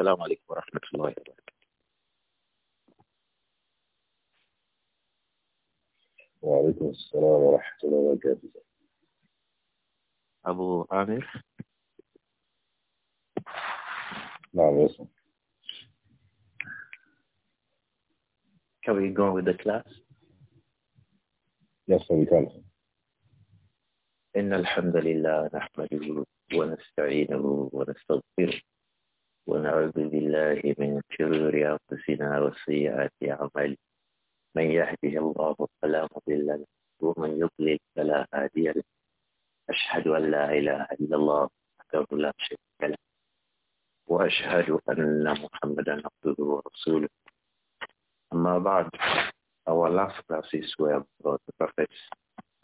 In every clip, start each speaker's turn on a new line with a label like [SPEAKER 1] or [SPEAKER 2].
[SPEAKER 1] السلام عليكم ورحمة الله وبركاته وعليكم السلام ورحمة الله وبركاته أبو عامر نعم يسمع Can we go with the class? Yes, we can. إن الحمد لله نحمده ونستعينه ونستغفره ونعوذ بالله من شرور أنفسنا وسيئات أعمالنا من يهده الله فلا مضل له ومن يضلل فلا هادي له أشهد أن لا إله إلا الله وحده لا شريك له وأشهد أن محمدا عبده ورسوله أما بعد our last classes were about the Prophet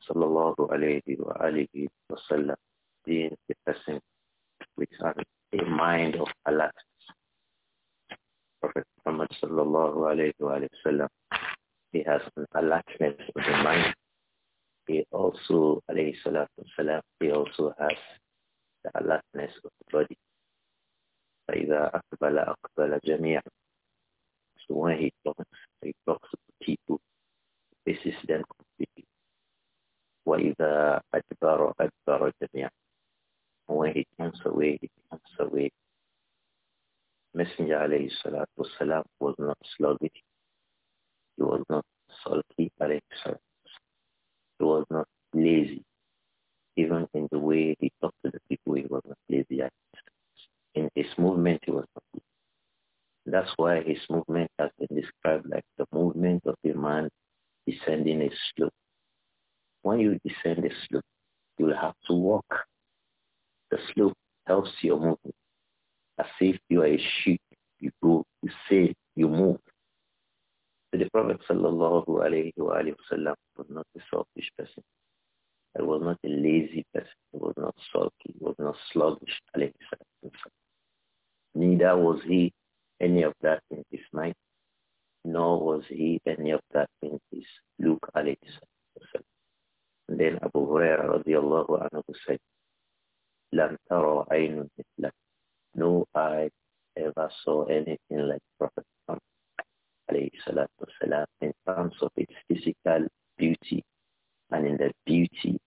[SPEAKER 1] صلى الله عليه وآله وسلم being the person with an a mind of Allah. Prophet Muhammad sallallahu alayhi wa sallam, he has an alertness of the mind. He also, alayhi salatu salam he also has the alertness of the body. فَإِذَا أَقْبَلَ أَقْبَلَ جَمِيعًا So when he talks, he talks to people, faces them completely. وَإِذَا أَدْبَرَ أَدْبَرَ جَمِيعًا when he comes away, he comes away. Messenger alayhi salatu wasalam was not sluggish. He was not sulky alayhi salatu He was not lazy. Even in the way he talked to the people, he was not lazy. In his movement, he was not lazy. That's why his movement has been described like the movement of a man descending a slope. When you descend a slope, you'll have to walk the slope helps your movement. As if you are a sheep, you go, you say, you move. So the Prophet sallallahu alayhi wa sallam was not a selfish person. He was not a lazy person. He was not sulky. He was not sluggish. Neither was he any of that in his mind, nor was he any of that in his look. And then Abu Hurairah radiallahu anhu said, لم ترى عين مثله. No eye ever saw anything like Prophet Muhammad والسلام, in terms of its physical beauty and in the beauty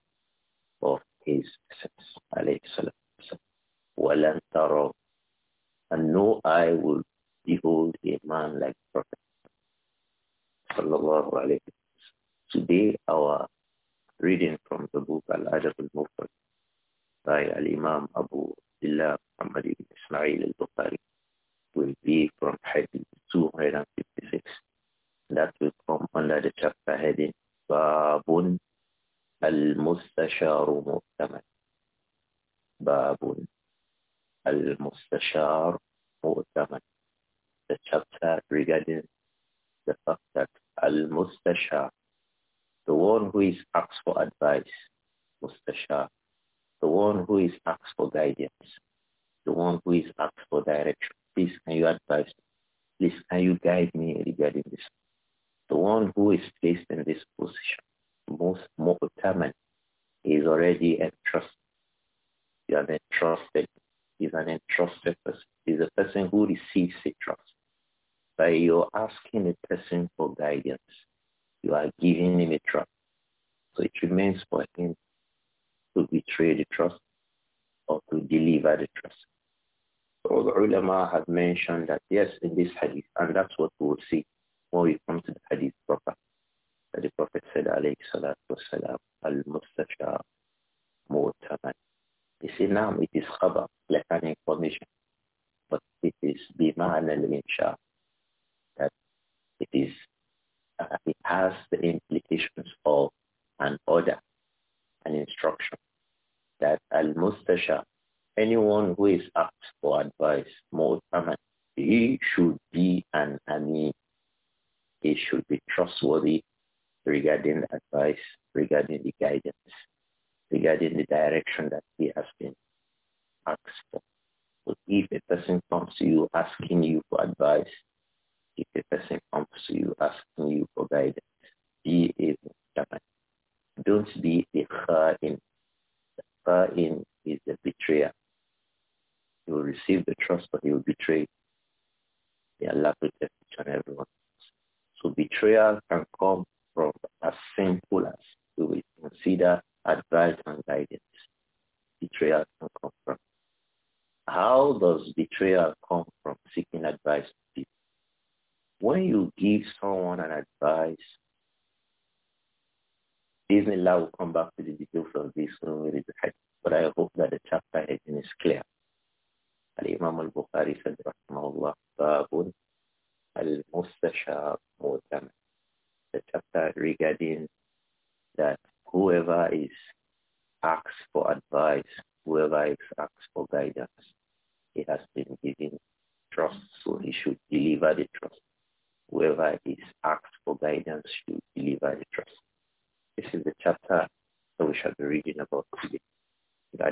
[SPEAKER 1] of his sense. And no eye will behold a man like Prophet. Muhammad alayhi Today our reading from the book Al-Adab al-Mufrad الإمام أبو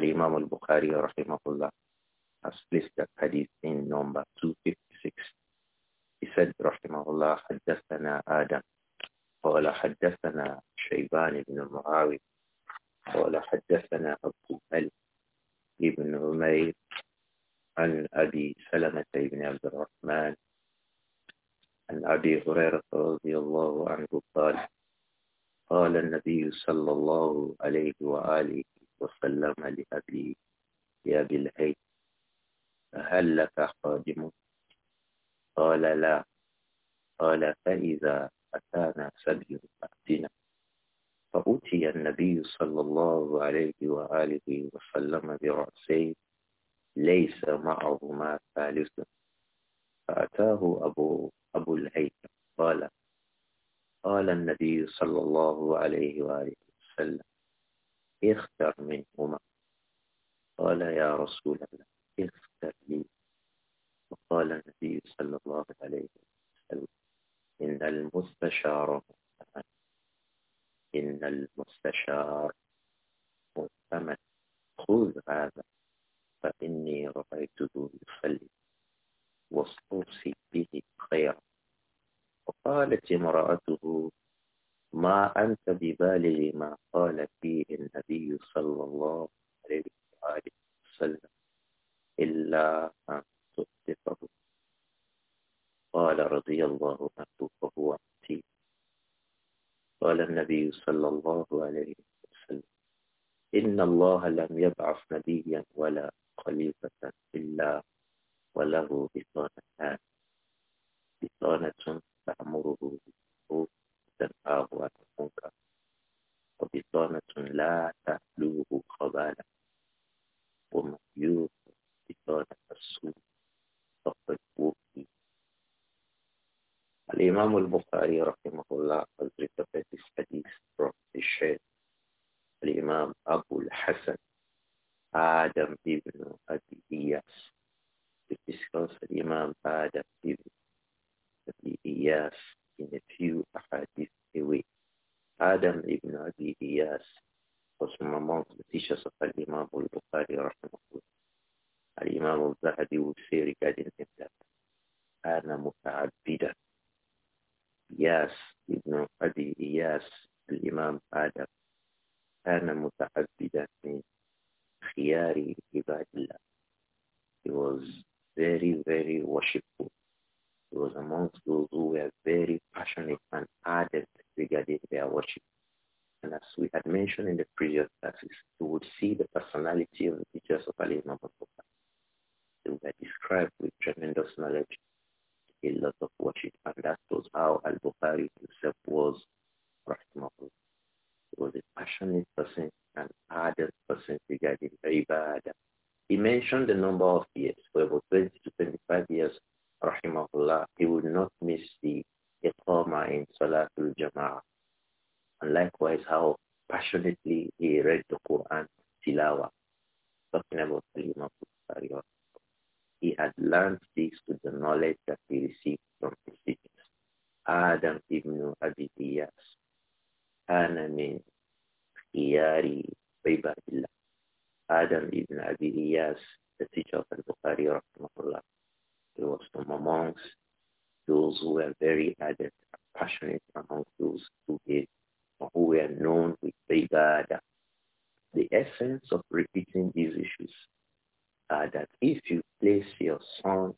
[SPEAKER 1] imam al-Bukhari rahimahullah has placed that hadith in number 256. He said rahimahullah حدثنا آدم قال حدثنا شيبان بن معاوية قال حدثنا أبو هل بن عمير عن أبي سلمة بن عبد الرحمن عن أبي هريرة رضي الله عنه قال قال النبي صلى الله عليه وآله وسلم لأبي أبي الهيثم هل لك خادم قال لا قال فإذا أتانا سبي فأتنا فأتي النبي صلى الله عليه وآله وسلم برأسين ليس معهما ثالث فأتاه أبو, أبو الهيثم قال قال النبي صلى الله عليه وآله وسلم اختر منهما قال يا رسول الله اختر لي وقال النبي صلى الله عليه وسلم إن المستشار مؤتمن إن المستشار مؤتمن خذ هذا فإني رأيته يصلي واستوصي به خيرا وقالت امرأته ما أنت ببالغ ما قال فيه النبي صلى الله عليه وآله وسلم إلا أن تصدقه قال رضي الله عنه فهو عتيق قال النبي صلى الله عليه وسلم إن الله لم يبعث نبيا ولا خليفة إلا وله بطانتان بطانة تأمره بالمعروف تنهاه عن المنكر وبطانة لا تحلوه خبالة ومن بطانة السوء فقد وفي الإمام البخاري رحمه الله has reported الحديث رحمه الشيخ الإمام أبو الحسن آدم ابن أبي إياس في discuss الإمام آدم ابن أبي إياس in a few ahadith away. Adam ibn Abi Iyas was from amongst the teachers of Al-Imam al-Bukhari rahimahullah. Al-Imam al-Zahabi would say regarding him that أنا متعبدا إياس ابن أبي إياس الإمام آدم أنا متعبدا من خيار عباد الله he was very, very worshipful was amongst those who were very passionate and ardent regarding their worship. And as we had mentioned in the previous classes, you would see the personality of the teachers of Ali Imam They were described with tremendous knowledge, a lot of worship, and that was how Al-Bukhari himself was, Rahimahullah. He was a passionate person and ardent person regarding Ibadah. He mentioned the number of years, for about 20 to 25 years rahimahullah, he would not miss the Iqama in Salatul Jama'ah. And likewise, how passionately he read the Quran, Tilawa, talking about Imam Bukhari. He had learned this through the knowledge that he received from the teachers. Adam ibn Abi Diyas, Ana min Iyari Ibadillah. Adam ibn Abi Diyas, the teacher of Al-Bukhari, rahimahullah. It was from amongst those who were very adept passionate amongst those who or who were known with ibadah. The essence of repeating these issues are that if you place your son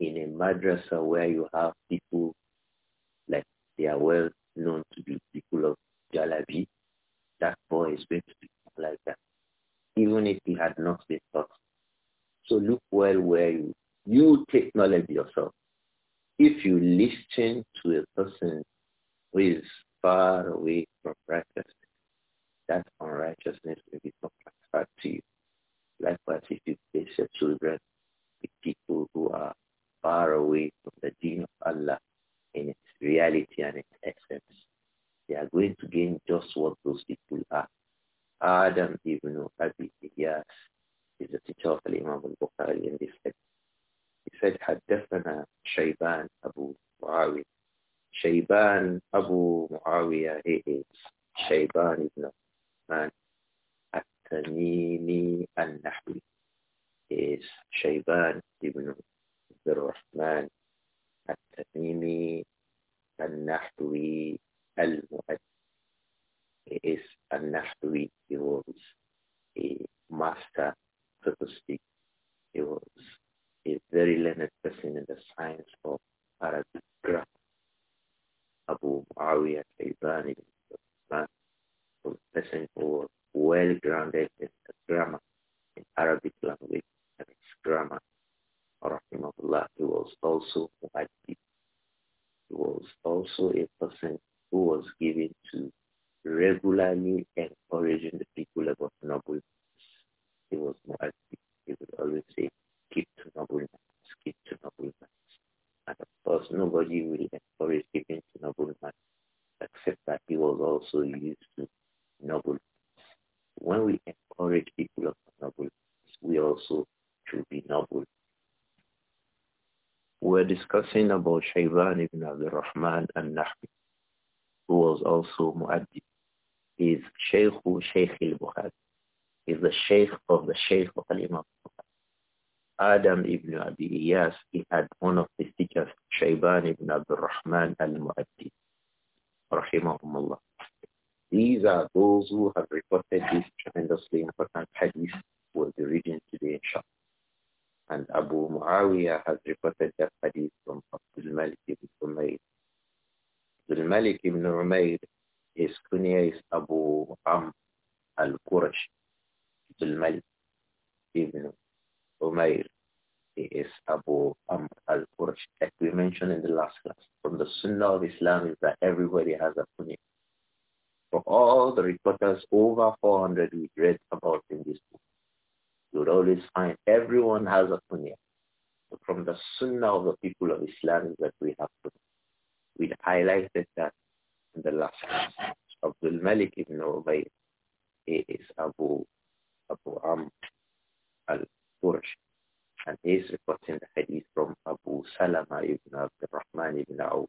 [SPEAKER 1] in a madrasa where you have people like they are well known to be people of Jalabi, that boy is going to be like that, even if he had not been taught. So look well where you you take knowledge yourself. If you listen to a person who is far away from righteousness, that unrighteousness will be transferred to you. Likewise, if you place your children with people who are far away from the deen of Allah in its reality and its essence, they are going to gain just what those people are. Adam ibn Abi Iyas is the teacher of Imam al-Bukhari in this sense he said Hadithana Shayban Abu Muawiyah. Shayban Abu Muawiyah he is Shayban ibn Man Atanini al Nahwi is Shayban ibn Rahman Atanini al Nahwi al Muad. He is a Nahwi he was a master so to speak. He was a very learned person in the science of Arabic grammar, Abu Muawiyah Ibn Ibn a person who was well grounded in grammar, in Arabic language and its grammar. Rahimahullah, he was also He was also a person who was given to regularly encouraging the people about noble. He was Muhaddith. He would always say, keep to nobleness, keep to nobleness. And of course, nobody will encourage keeping to nobleness except that he was also used to nobleness. When we encourage people of nobleness, we also should be noble. We're discussing about Shayban ibn Abdul Rahman al-Nahbi, who was also Mu'addi. He's Shaykh Sheikh al-Bukhari. He's the Shaykh of the Shaykh of al-Imam Adam ibn Abi Iyas, he had one of his teachers, Shayban ibn Abdul Rahman al-Mu'addi, rahimahumullah. These are those who have reported this tremendously important hadith for the region reading today, inshallah. And Abu Muawiyah has reported that hadith from Abdul Malik ibn Umayr. Abdul Malik ibn Umayr, his kunya is Abu Am al-Qurash, Abdul Malik ibn Umayr. is Abu um, Amr al-Qurash, like we mentioned in the last class. From the Sunnah of Islam is that everybody has a kunya. For all the reporters, over 400 we read about in this book, you'll always find everyone has a kunya. From the Sunnah of the people of Islam is that we have kunya. We highlighted that in the last class. Abdul Malik ibn Ubayy, he is Abu, Abu Amr al Quraysh. And he is reporting the hadith from Abu Salama ibn Abd Rahman ibn Awf.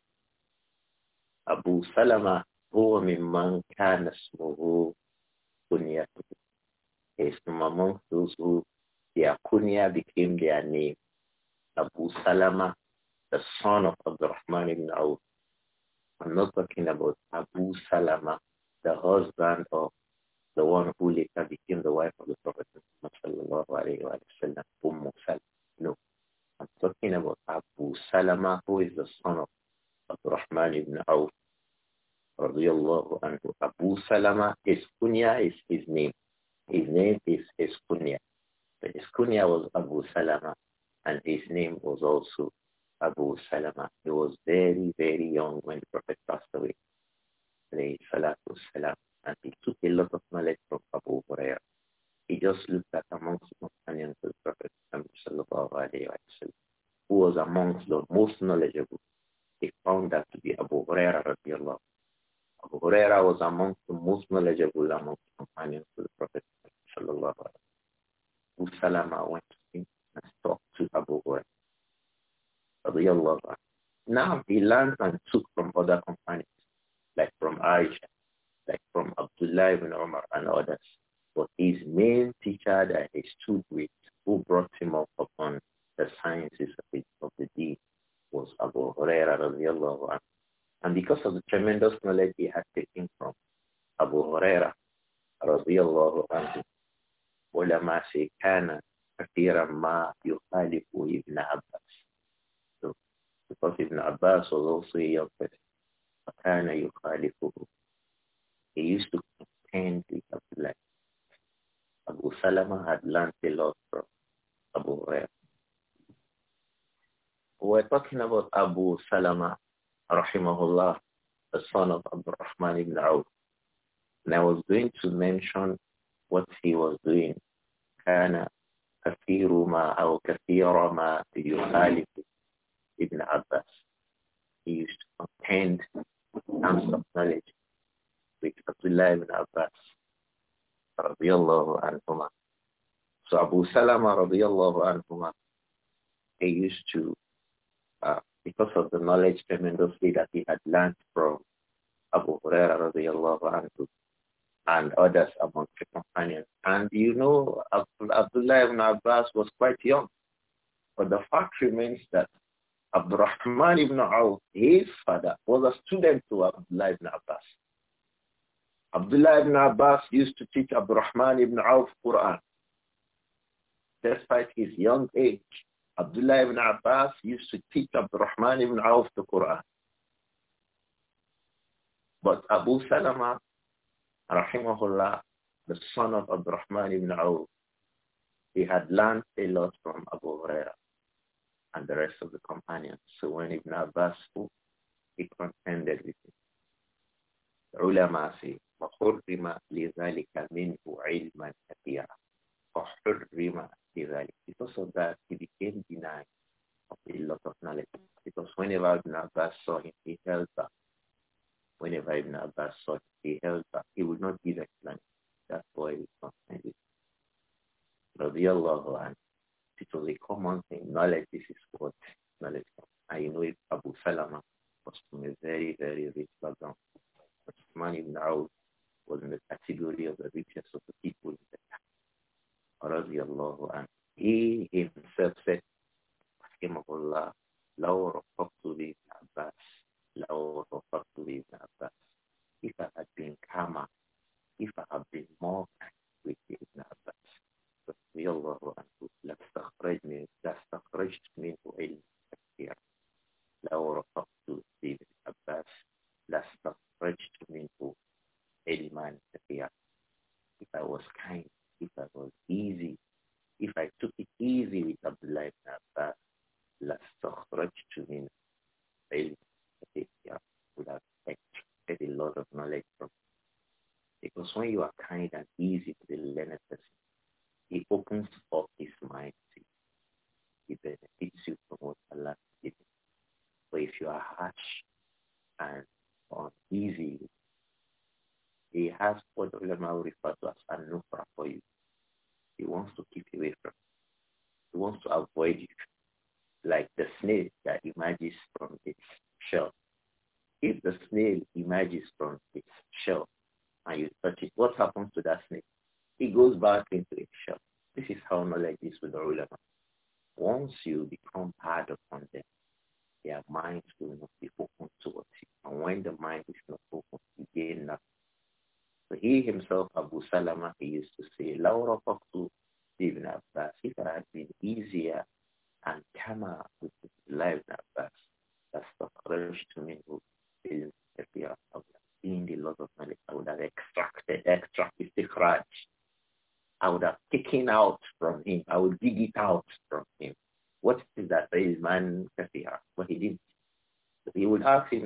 [SPEAKER 1] Abu Salama who ممن كان اسمه كنيته. He is from among those who their kunya became their name. Abu Salama, the son of Abd Rahman ibn Awf. I'm not talking about Abu Salama, the husband of the one who later became the wife of the Prophet Muhammad Umm No. I'm talking about Abu Salama, who is the son of Rahman ibn Auf, radiallahu anhu. Abu Salama, his kunya is his name. His name is his kunya. But his kunya was Abu Salama, and his name was also Abu Salama. He was very, very young when the Prophet passed away. Salam and he took a lot of knowledge from Abu Huraira. He just looked at amongst the companions of the Prophet Muhammad who was amongst the most knowledgeable. They found that to be Abu Hurairah radiallahu. Abu Huraira was amongst the most knowledgeable amongst the companions of the Prophet sallallahu alaihi Salama went to him and talked to Abu Huraira. Now he learned and took from other companions, like from Aisha, like from Abdullah ibn Umar and others. But his main teacher that he stood with, who brought him up upon the sciences of, of the deen, was Abu Huraira radiallahu anhu. And because of the tremendous knowledge he had taken from Abu Huraira radiallahu anhu, ulama say, كان كثيرا ما يخالف ابن عباس. So, because Ibn Abbas was also a young person, فكان يخالفه he used to contend the Abdullah. Abu Salama had learned a lot from Abu Hurairah. We're talking about Abu Salama, rahimahullah, the son of Rahman ibn Awf. And I was going to mention what he was doing. كان كثير ما أو كثير ما even ابن عباس. He used to contend terms of knowledge with Abdullah ibn Abbas radiallahu anhuma. So Abu Salama radiallahu anhuma, he used to, uh, because of the knowledge tremendously that he had learned from Abu Huraira radiallahu anhu and others among the companions. And you know, Abdullah ibn Abbas was quite young. But the fact remains that Abdurrahman ibn Auf, his father, was a student to Abdullah ibn Abbas. Abdullah ibn Abbas used to teach Abdurrahman ibn Auf Quran. Despite his young age, Abdullah ibn Abbas used to teach Abdurrahman ibn Auf the Quran. But Abu Salama, rahimahullah, the son of Abdurrahman ibn Auf, he had learned a lot from Abu Huraira and the rest of the companions. So when Ibn Abbas spoke, he contended with him. The ulama say, فحرم لذلك منه علما كثيرا لذلك that he became of a lot of knowledge because whenever Ibn saw him he held back whenever Ibn saw him he held back he would not give explanation That's why it's not married it was a common thing knowledge this is what knowledge I know it Abu Salama was from a very very rich background Usman ibn Awd was in the category of the richest of the people in the time. He himself said, Rahimahullah, لو رفقت بابن عباس لو رفقت بابن عباس If I had been calmer, if I had been more kind with Ibn Abbas, رضي الله عنه لاستخرجني to منه علما كثيرا لو رفقت بابن عباس لاستخرجت منه Eliman If I was kind, if I was easy, if I took it easy with Abdullah ibn Abbas, لَسْتَخْرَجْتُ مِنْ عِلْمٍ سَفِيَّةٍ would have extracted a lot of knowledge from Because when you are kind and easy to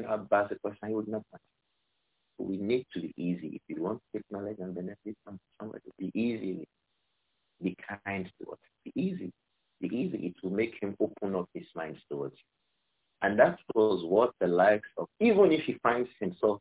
[SPEAKER 1] Ibn Abbas a question, he would not answer. So we need to be easy. If you want to take knowledge and benefit from somebody, be easy. Be kind towards, Be easy. Be easy. It will make him open up his mind towards you. And that was what the likes of, even if he finds himself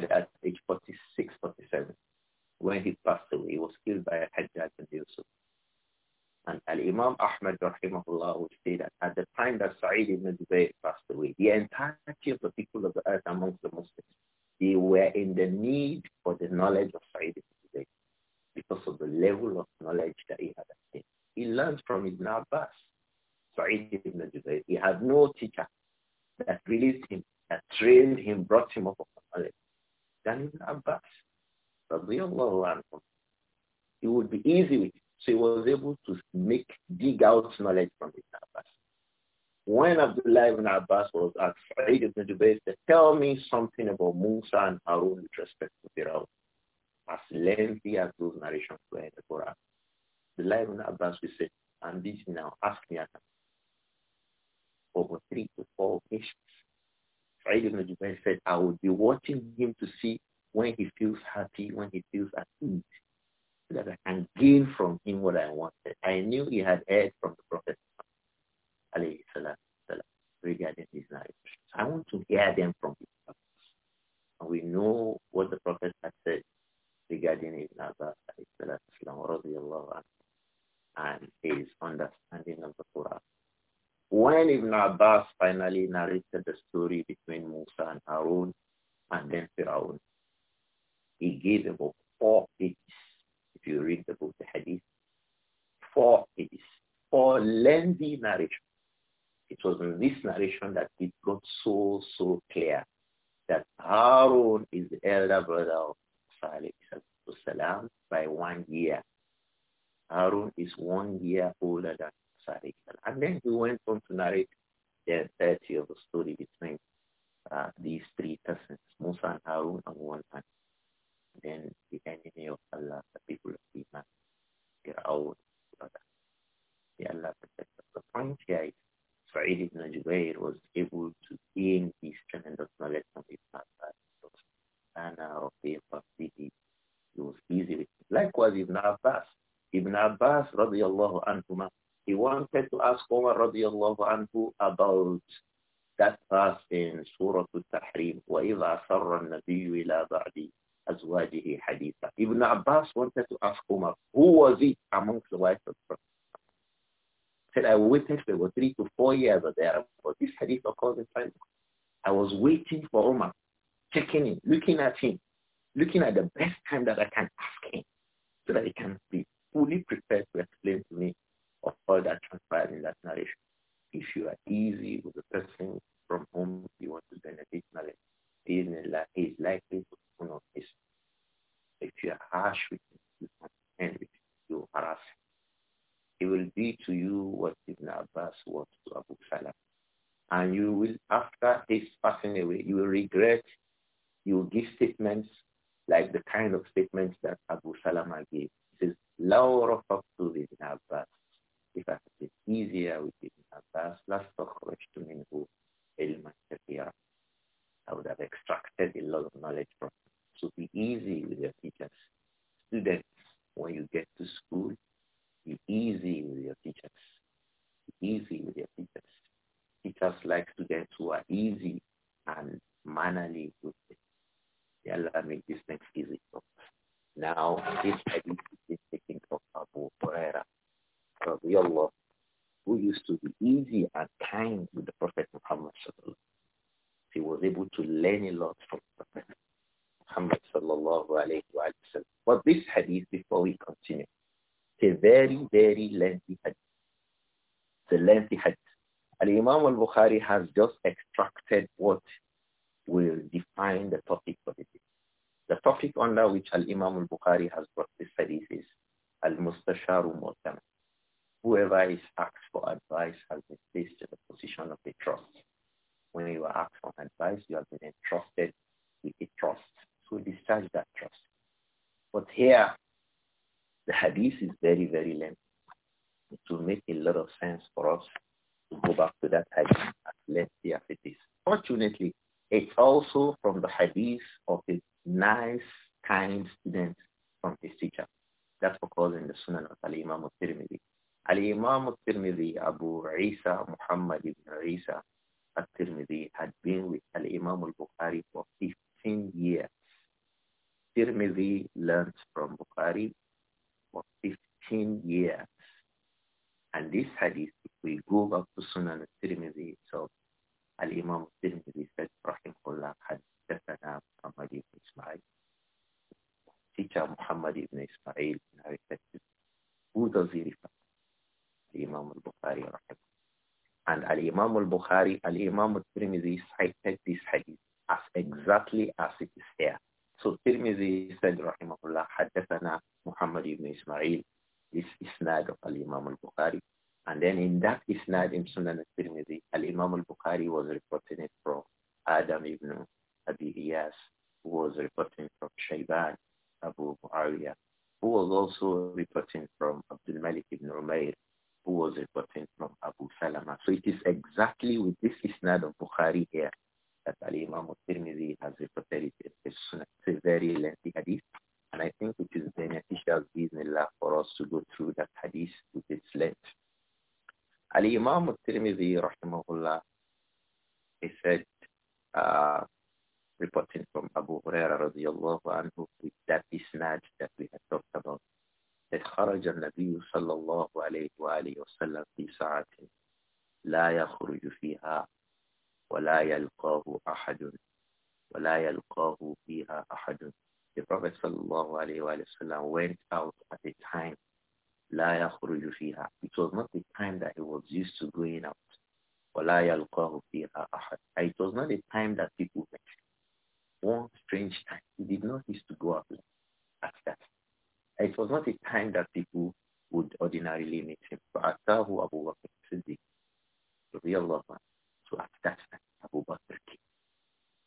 [SPEAKER 1] side as knowledge from Ibn Abbas. When Abdullah ibn Abbas was asked, Sa'id ibn Jubayr said, tell me something about Musa and Harun with respect to Firaun. As lengthy as those narrations were in the Quran. Abdullah ibn Abbas will say, and this now, ask me at over three to four occasions. Sa'id ibn Jubayr said, I will be watching him to see when he feels happy, when he feels at ease that I can gain from him what I wanted. I knew he had heard from the Prophet regarding his narration. I want to hear them from him. And we know what the Prophet had said regarding Ibn Abbas and his understanding of the Quran. When Ibn Abbas finally narrated the story between Musa and Harun, narration. It was in this narration that it got so, so radhiyallahu anhu about Bukhari has just extracted what will define the topic for the day. The topic under which Al-Imam al-Bukhari has brought this hadith is Al-Mustasharu Mu'tam. Whoever is asked for advice has been placed in the position of a trust. When you are asked for advice, you have been entrusted with a trust. So discharge that trust. But here, the hadith is very, very lengthy. It will make a lot of sense for us to go back to that hadith. Let's see if it is. Fortunately, it's also from the hadith of a nice, kind student from his teacher. That's occurs in the Sunan of Al-Imam al-Tirmidhi. Al-Imam al-Tirmidhi, Abu Isa Muhammad ibn Isa al-Tirmidhi had been with Al-Imam al-Bukhari for 15 years. Tirmidhi learned from Bukhari for 15 years. And this hadith, if we go back to Sunan al-Tirmidhi itself, Al-Imam al-Tirmidhi said, Rahimullah hadithana Muhammad ibn Ismail. Teacher Muhammad ibn Ismail narrated Who does he refer to? Al-Imam al-Bukhari, Rahimullah. And Al-Imam al-Bukhari, Al-Imam al-Tirmidhi cited this hadith as exactly as it is here. So Tirmidhi said, Rahimahullah, hadithana Muhammad ibn Ismail this isnad of Al-Imam al-Bukhari. And then in that isnad in Sunan al-Tirmidhi, Al-Imam al-Bukhari was reporting it from Adam ibn Abi Iyas, who was reporting from Shayban, Abu Muawiyah, who was also reporting from Abdul Malik ibn Umair, who was reporting from Abu Salama. So it is exactly with this isnad of Bukhari here that Al-Imam al-Tirmidhi has reported it. It's a very lengthy hadith. And I think it is beneficial bismillah for us to go through that hadith with its length. Ali Imam al-Tirmidhi rahimahullah, he said, uh, reporting from Abu Huraira radiallahu anhu with that isnad that we have talked about, that خرج النبي صلى الله عليه وآله وسلم في ساعة لا يخرج فيها ولا يلقاه أحد ولا يلقاه فيها أحد the Prophet sallallahu went out at a time It was not the time that he was used to going out. It was not the time that people met. One strange time. He did not used to go out at that. It was not a time that people would ordinarily meet him. So at that time, Abu Bakr came.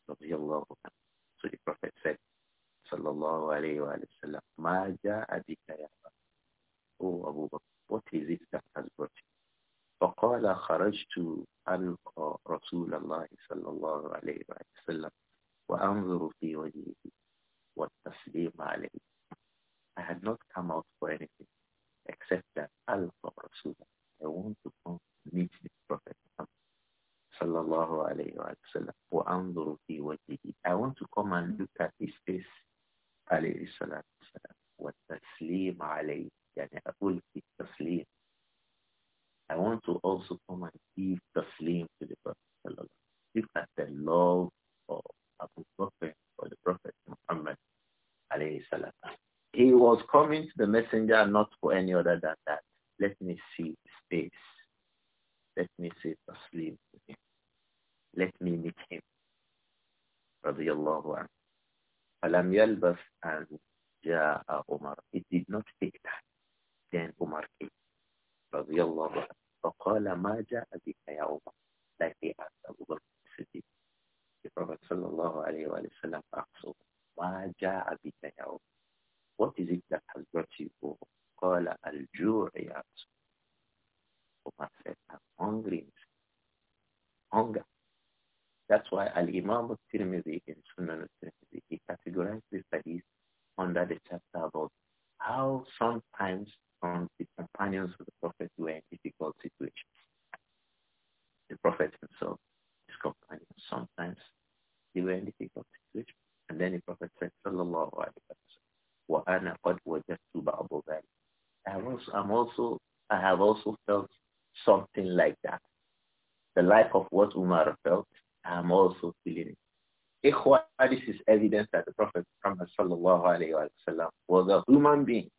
[SPEAKER 1] So the Prophet said, صلى الله عليه وآله وسلم ما جاء بك يا أو أبو بكر what is it that has brought you فقال خرجت ألقى رسول الله صلى الله عليه وآله وسلم وأنظر في وجهه والتسليم عليه I had not come out for anything except that ألقى رسول الله I want to come meet the Prophet صلى الله عليه وآله وسلم وأنظر في وجهه I want to come and look at his face عليه الصلاة والسلام والتسليم عليه يعني ألقي التسليم I want to also come and give taslim to the Prophet صلى الله عليه وسلم. Look at the love of Abu Bakr for the Prophet Muhammad alayhi salam. He was coming to the messenger not for any other than that. Let me see space. Let me see taslim Let me meet him. رضي الله عنه Alam Yalbas and Ja'a Umar. It did not take time. Then Umar came. Radiallahu فقال ما جاء بك يا عمر like they asked Abu Bakr Siddiq. The Prophet sallallahu alayhi wa sallam asked ما جاء بك يا عمر What is it that has brought you over? قال الجوع يا Umar said, I'm hungry. Hunger. That's why Al-Imam al-Tirmidhi in Sunan al-Tirmidhi, he categorized this hadith under the chapter about how sometimes from the companions of the Prophet were in difficult situations. The Prophet himself, his companions, sometimes they were in difficult situations. And then the Prophet said, Sallallahu Alaihi Wasallam, وَأَنَا I also, I'm also, I have also felt something like that. The like of what Umar felt, I'm also feeling Ikhwa, this is evidence that the Prophet Muhammad sallallahu alayhi wa sallam was a human being.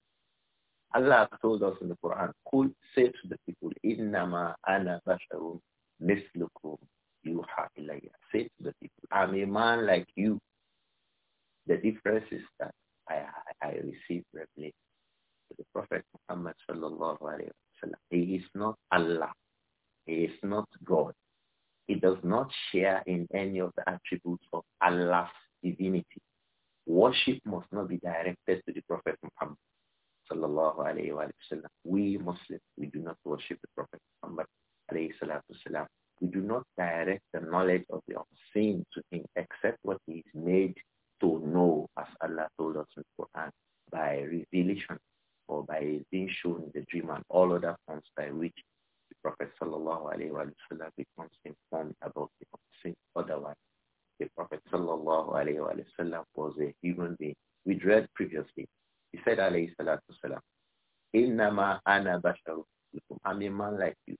[SPEAKER 1] Allah told us in the Quran, could say to the people, Innama ana basharun mislukum yuha ilayya. Say to the people, I'm a man like you. The difference is that I, I, I receive revelation. The Prophet Muhammad sallallahu alayhi wa sallam, he is not Allah. He is not God. It does not share in any of the attributes of Allah's divinity. Worship must not be directed to the Prophet Muhammad. Sallallahu alayhi wa We Muslims, we do not worship the Prophet Muhammad. Alayhi salatu we do not direct the knowledge of the unseen to him except what he is made to know, as Allah told us in the Quran, by revelation or by being shown in the dream and all other forms by which Prophet sallallahu alaihi wasallam becomes informed about the otherwise. The Prophet sallallahu alaihi wasallam was a human being. We read previously. He said alayhi salatu wasalam, Innama ana basharu. I'm a man like you.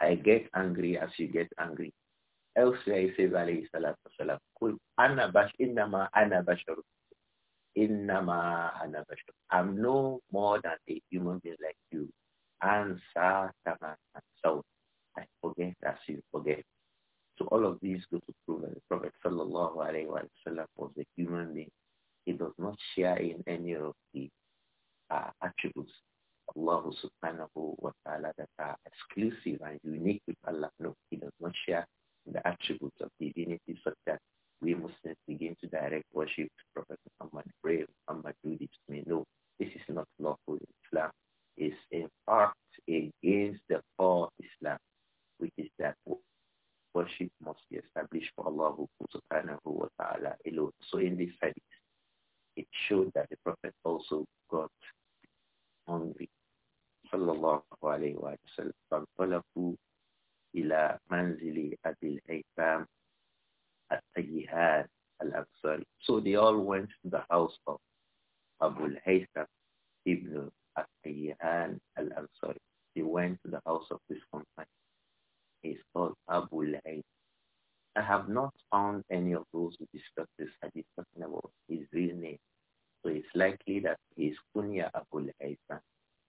[SPEAKER 1] I get angry as you get angry. Elsewhere he says alayhi salatu wasalam, Kul ana bash, ana basharu. Innama anabashur. I'm no more than a human being like you. Answer and so I forget as you forget. So all of these go to prove that the Prophet sallallahu alaihi wasallam was a human being. He does not share in any of the uh, attributes Allah subhanahu wa ta'ala that are exclusive and unique with Allah. No, he does not share the attributes of divinity such that we Muslims begin to direct worship to Prophet Muhammad, pray Muhammad, do this to me. No, this is not lawful in Islam. It's in fact against the core Islam, which is that worship must be established for Allah subhanahu wa ta'ala alone. So in this hadith, it showed that the Prophet also got hungry. Sallallahu alayhi wa sallam. فَانْطَلَقُوا إِلَى مَنْزِلِ أَبِي الْأَيْتَامِ tayyihad al So they all went to the house of Abu al-Haytham ibn Al-Tayyihad, al sorry. They went to the house of this companion. He's called Abu al-Haytham. I have not found any of those who discuss this hadith talking about his real name. So it's likely that his kunya Abu al-Haytham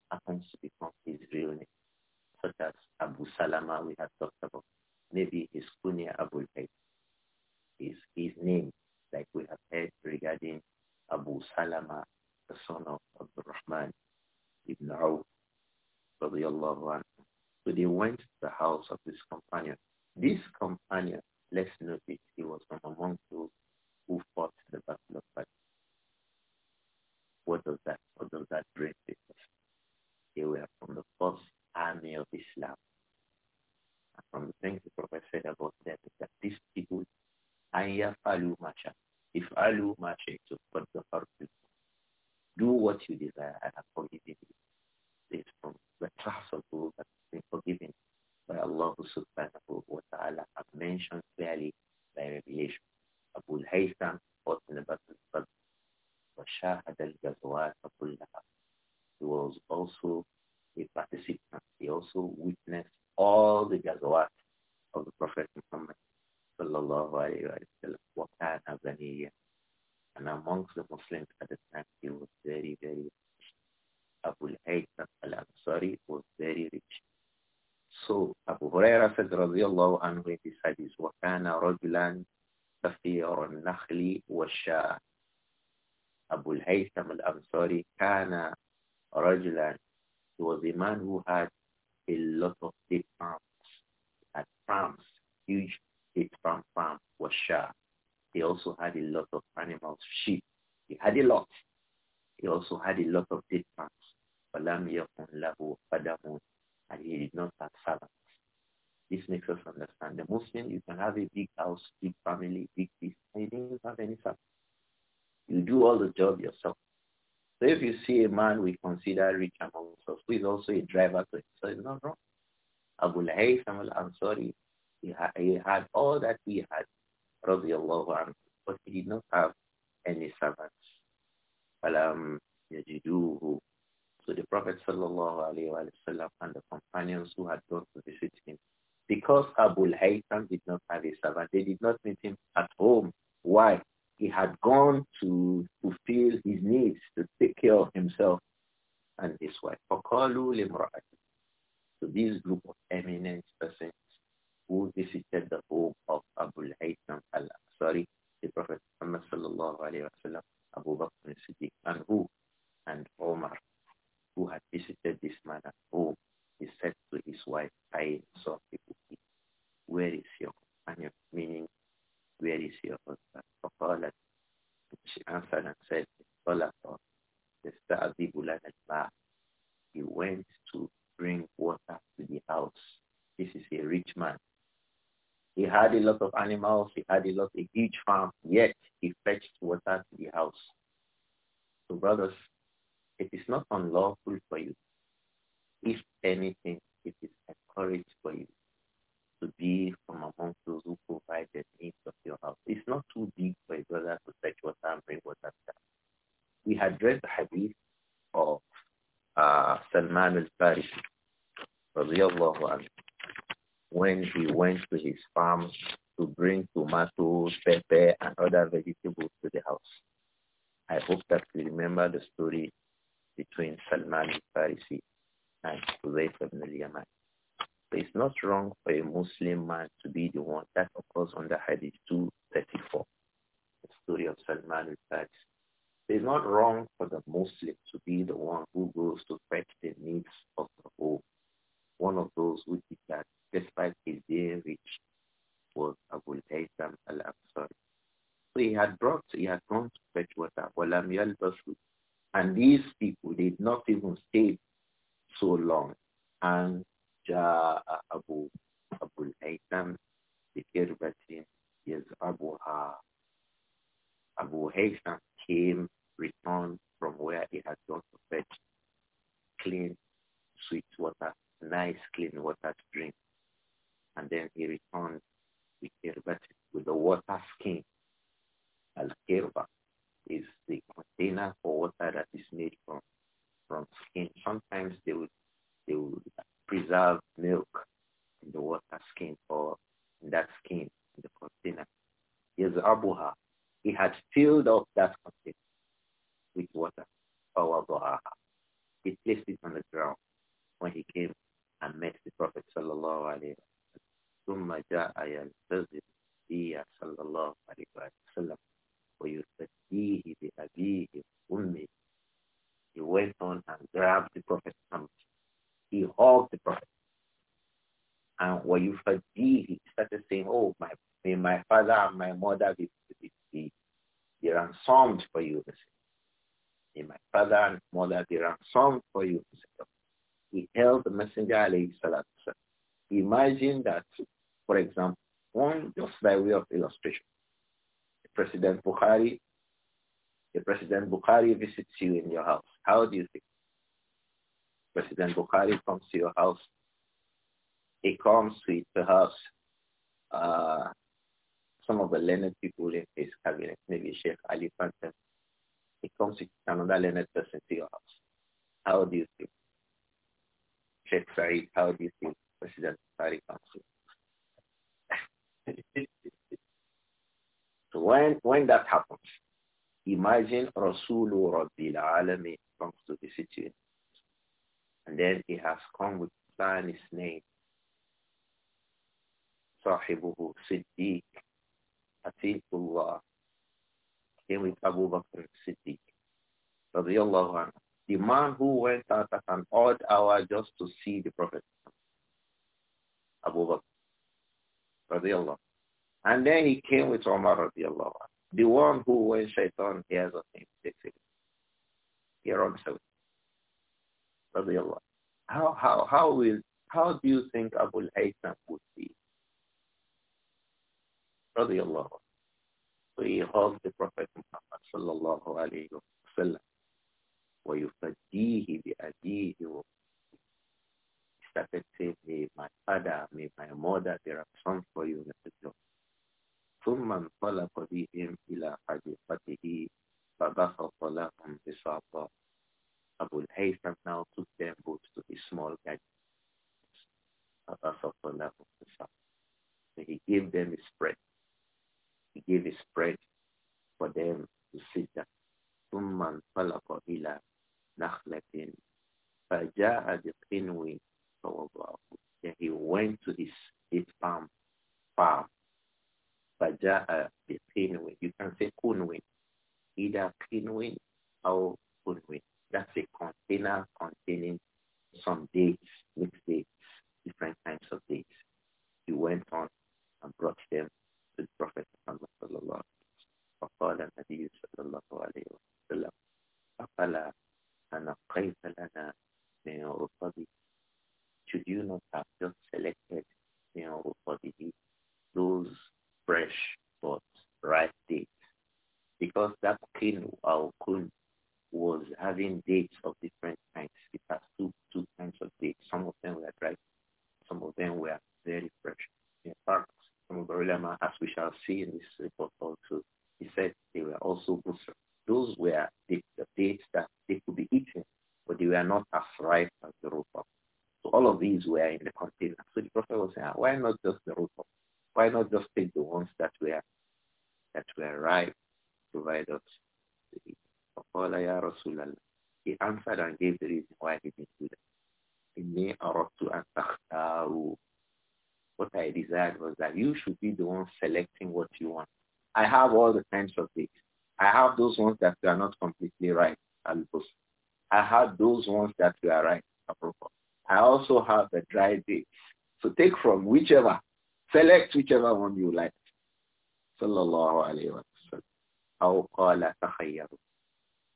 [SPEAKER 1] happens to become his real name, such as Abu Salama we have talked about. Maybe his kunya Abu al-Haytham is his name, like we have heard regarding Abu Salama, the son of Abdul Rahman ibn Awf, radiallahu anhu. So they went to the house of this companion. This companion, let's note it, he was from among those who fought the Battle of Badr. What does that, what does that bring to us? They were from the first army of Islam. And from the things the Prophet said about them that these people and أن يفعلوا ما شاء افعلوا ما شئتم the heart لكم Do what you desire and I'm you. This from the trust of God that has been forgiven by Allah subhanahu wa ta'ala have mentioned clearly by revelation. Abu al-Haytham fought in the Battle of وشاهد الغزوات كلها. He was also a participant. He also witnessed all the ghazawat of the Prophet Muhammad sallallahu alayhi wa sallam, and amongst the Muslims at the time, he was very, very rich. Abu al-Haytham al-Ansari was very rich. So Abu Huraira said, radiyallahu anhu, in this hadith, وَكَانَ رَجُلًا كَثِيرَ النَّخْلِ وَالشَّاءِ Abu al-Haytham al-Ansari, كَانَ رَجُلًا He was a man who had a lot of big farms, had farms, huge his farm, farm was Shah. He also had a lot of animals, sheep. He had a lot. He also had a lot of date palms. And he did not have servants. This makes us understand. The Muslim, you can have a big house, big family, big this, and you don't have any servants. You do all the job yourself. So if you see a man we consider rich also, us, who is also a driver, so it's not wrong. Abu I'm ansari he, ha he had all that he had, radiallahu anhu, but he did not have any servants. Alam yajiduhu. So the Prophet sallallahu alayhi wa sallam and the companions who had gone to visit him, because Abu Haytham did not have a servant, they did not meet him at home. Why? He had gone to fulfill his needs, to take care of himself and his wife. So this group of eminent persons who visited the home of Abu Haytham al-Ansari, the Prophet Muhammad sallallahu alayhi wa sallam, Abu Bakr Siddiq, and who? And Omar, who had visited this man at home, he said to his wife, I saw people Where is your companion? Meaning, where is your husband? She answered and said, the He went to bring water to the house. This is a rich man. He had a lot of animals. He had a lot, a huge farm. Yet he fetched water to the house. So brothers, it is not unlawful for you. If anything, it is encouraged for you to be from among those who provide the needs of your house. It's not too big for a brother to fetch water and bring water to that. We had read the hadith of uh, Salman al-Farisi, radiallahu anhu when he went to his farm to bring tomatoes, pepper, and other vegetables to the house. I hope that you remember the story between Salman al-Farisi and Hudayf ibn al-Yaman. It's not wrong for a Muslim man to be the one that occurs on the Hadith 234, the story of Salman al-Farisi. It's not wrong for the Muslim to be the one who goes to fetch the needs of the home. One of those who did that despite his being rich, was Abu Haytham al-Ansari. So he had brought, he had gone to fetch water, Walam Yalbasu. And these people did not even stay so long. And ja Abu Abu Haytham Abu يزعبها Abu Haytham came, returned from where he had gone to fetch clean, sweet water, nice clean water to drink and then he returned with kirbat, with the water skin. Al-kirba is the container for water that is made from from skin. Sometimes they would they would preserve milk in the water skin or in that skin in the container. Yes, Abuha, he had filled up that container with water. He placed it on the ground when he came and met the Prophet sallallahu alaihi ثم جاء ينتظر النبي صلى الله عليه وسلم ويزكيه بأبيه وأمه He went on and grabbed the Prophet's hand. He hugged the Prophet. And when you forgive, he started saying, oh, my, may my father and my mother be, be, be, be ransomed for you. May my father and mother be ransomed for you. He held the messenger, alayhi Imagine that for example, one just by way of illustration. President Bukhari, the President Bukhari visits you in your house. How do you think? President Bukhari comes to your house. He comes with perhaps uh, some of the learned people in his cabinet, maybe Sheikh Ali Fantan. He comes with another learned person to your house. How do you think? Sheikh Saeed, how do you think President Bukhari comes to you? so when, when that happens, imagine Rasulu Rabbil Alameen comes to the city, And then he has come with Islam, his name. Sahibuhu Siddiq, Atilullah. Came with Abu Bakr Siddiq. Radiallahu The man who went out at an odd hour just to see the Prophet. Abu Bakr radiallahu And then he came with Omar radiallahu the one who when shaitan hears of him takes it. He runs away. Radiallahu How, how, how, will, how do you think Abu al-Haytham would be? Radiallahu So he hugged the Prophet Muhammad sallallahu alayhi wa sallam ويفديه بأبيه وأمه started saying, may my father, may my mother, there are some for you, Messenger. ثم انطلق بهم إلى حديقته the لهم بساطا Abu Haytham now took them both to the small garden. Fabasot لهم بساطا So he gave them his bread. He gave his bread for them to sit down. ثم انطلق إلى نخلة فجاء بقنو then uh, he went to his, his farm. farm. فجاء بقنوين. You can say kunwin, Either قنوين or kunwin. That's a container containing some dates, mixed dates, different kinds of dates. He went on and brought them to the Prophet Muhammad sallallahu فقال النبي صلى الله عليه وسلم should you not have just selected, you know, for the those fresh but ripe dates? Because that king was having dates of different kinds. It has two two kinds of dates. Some of them were ripe, some of them were very fresh. In fact, some of the as we shall see in this report also, he said they were also busra. Those were the, the dates that they could be eaten, but they were not as ripe as the rope so all of these were in the container. So the Prophet was saying, ah, why not just the root? Why not just take the ones that were that were ripe, provide us the Rasulallah. He answered and gave the reason why he didn't do that. What I desired was that you should be the one selecting what you want. I have all the kinds of things. I have those ones that are not completely right, I have those ones that you are right, appropriate. I also have a dry date. So take from whichever, select whichever one you like. Sallallahu alayhi wa sallam.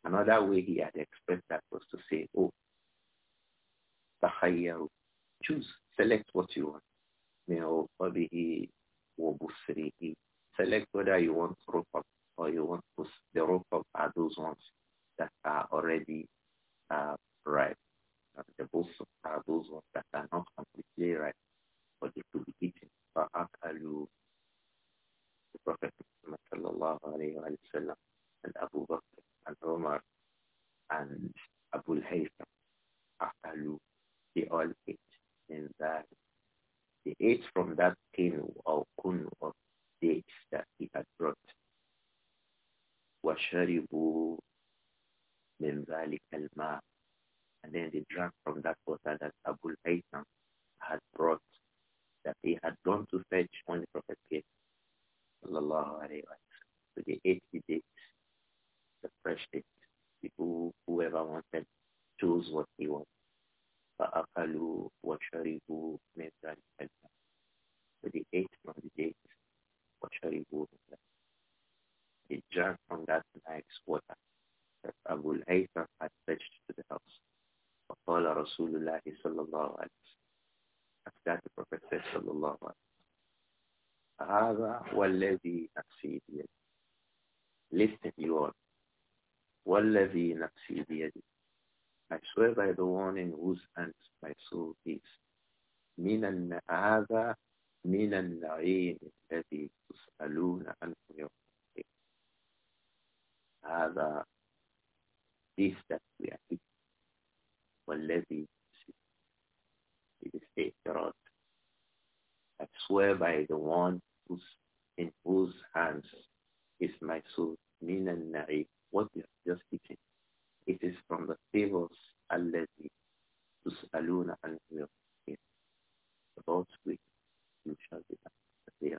[SPEAKER 1] Another way he had expressed that was to say, oh, takhayyaru. Choose, select what you want. Min qabihi wa busrihi. Select whether you want rupab or you want the rupab are those ones that are already uh, ripe. And the books are those ones that are not completely right, for they to be eaten. فأكلوا The Prophet Muhammad sallallahu alayhi wa sallam and Abu Bakr and Omar and Abu al-Haytham, أكلوا, they all ate in that. They ate from that tin or kun of dates that he had brought. وشربوا من ذلك الماء and then they drank from that water that Abu Haytham had brought, that he had gone to fetch when the Prophet came. Sallallahu alayhi wa So they ate the dates, the fresh dates. People, whoever wanted, chose what he wanted. So they ate from the dates, وشربوا do? ذلك They drank from that night's water that Abu Haytham had fetched to the house. فقال رسول الله صلى الله عليه وسلم After the صلى الله عليه وسلم هذا والذي نفسي بيدي Listen you all والذي نفسي بيدي I swear by the one in whose hands my soul is من هذا من النعيم الذي تسألون عنه يوم القيامة هذا this that we are والذي it is Iftirat. I swear by the one whose, in whose hands is my soul. Min al What we have just speaking. It is from the favors Allazi Tus'aluna and will About which you shall be there.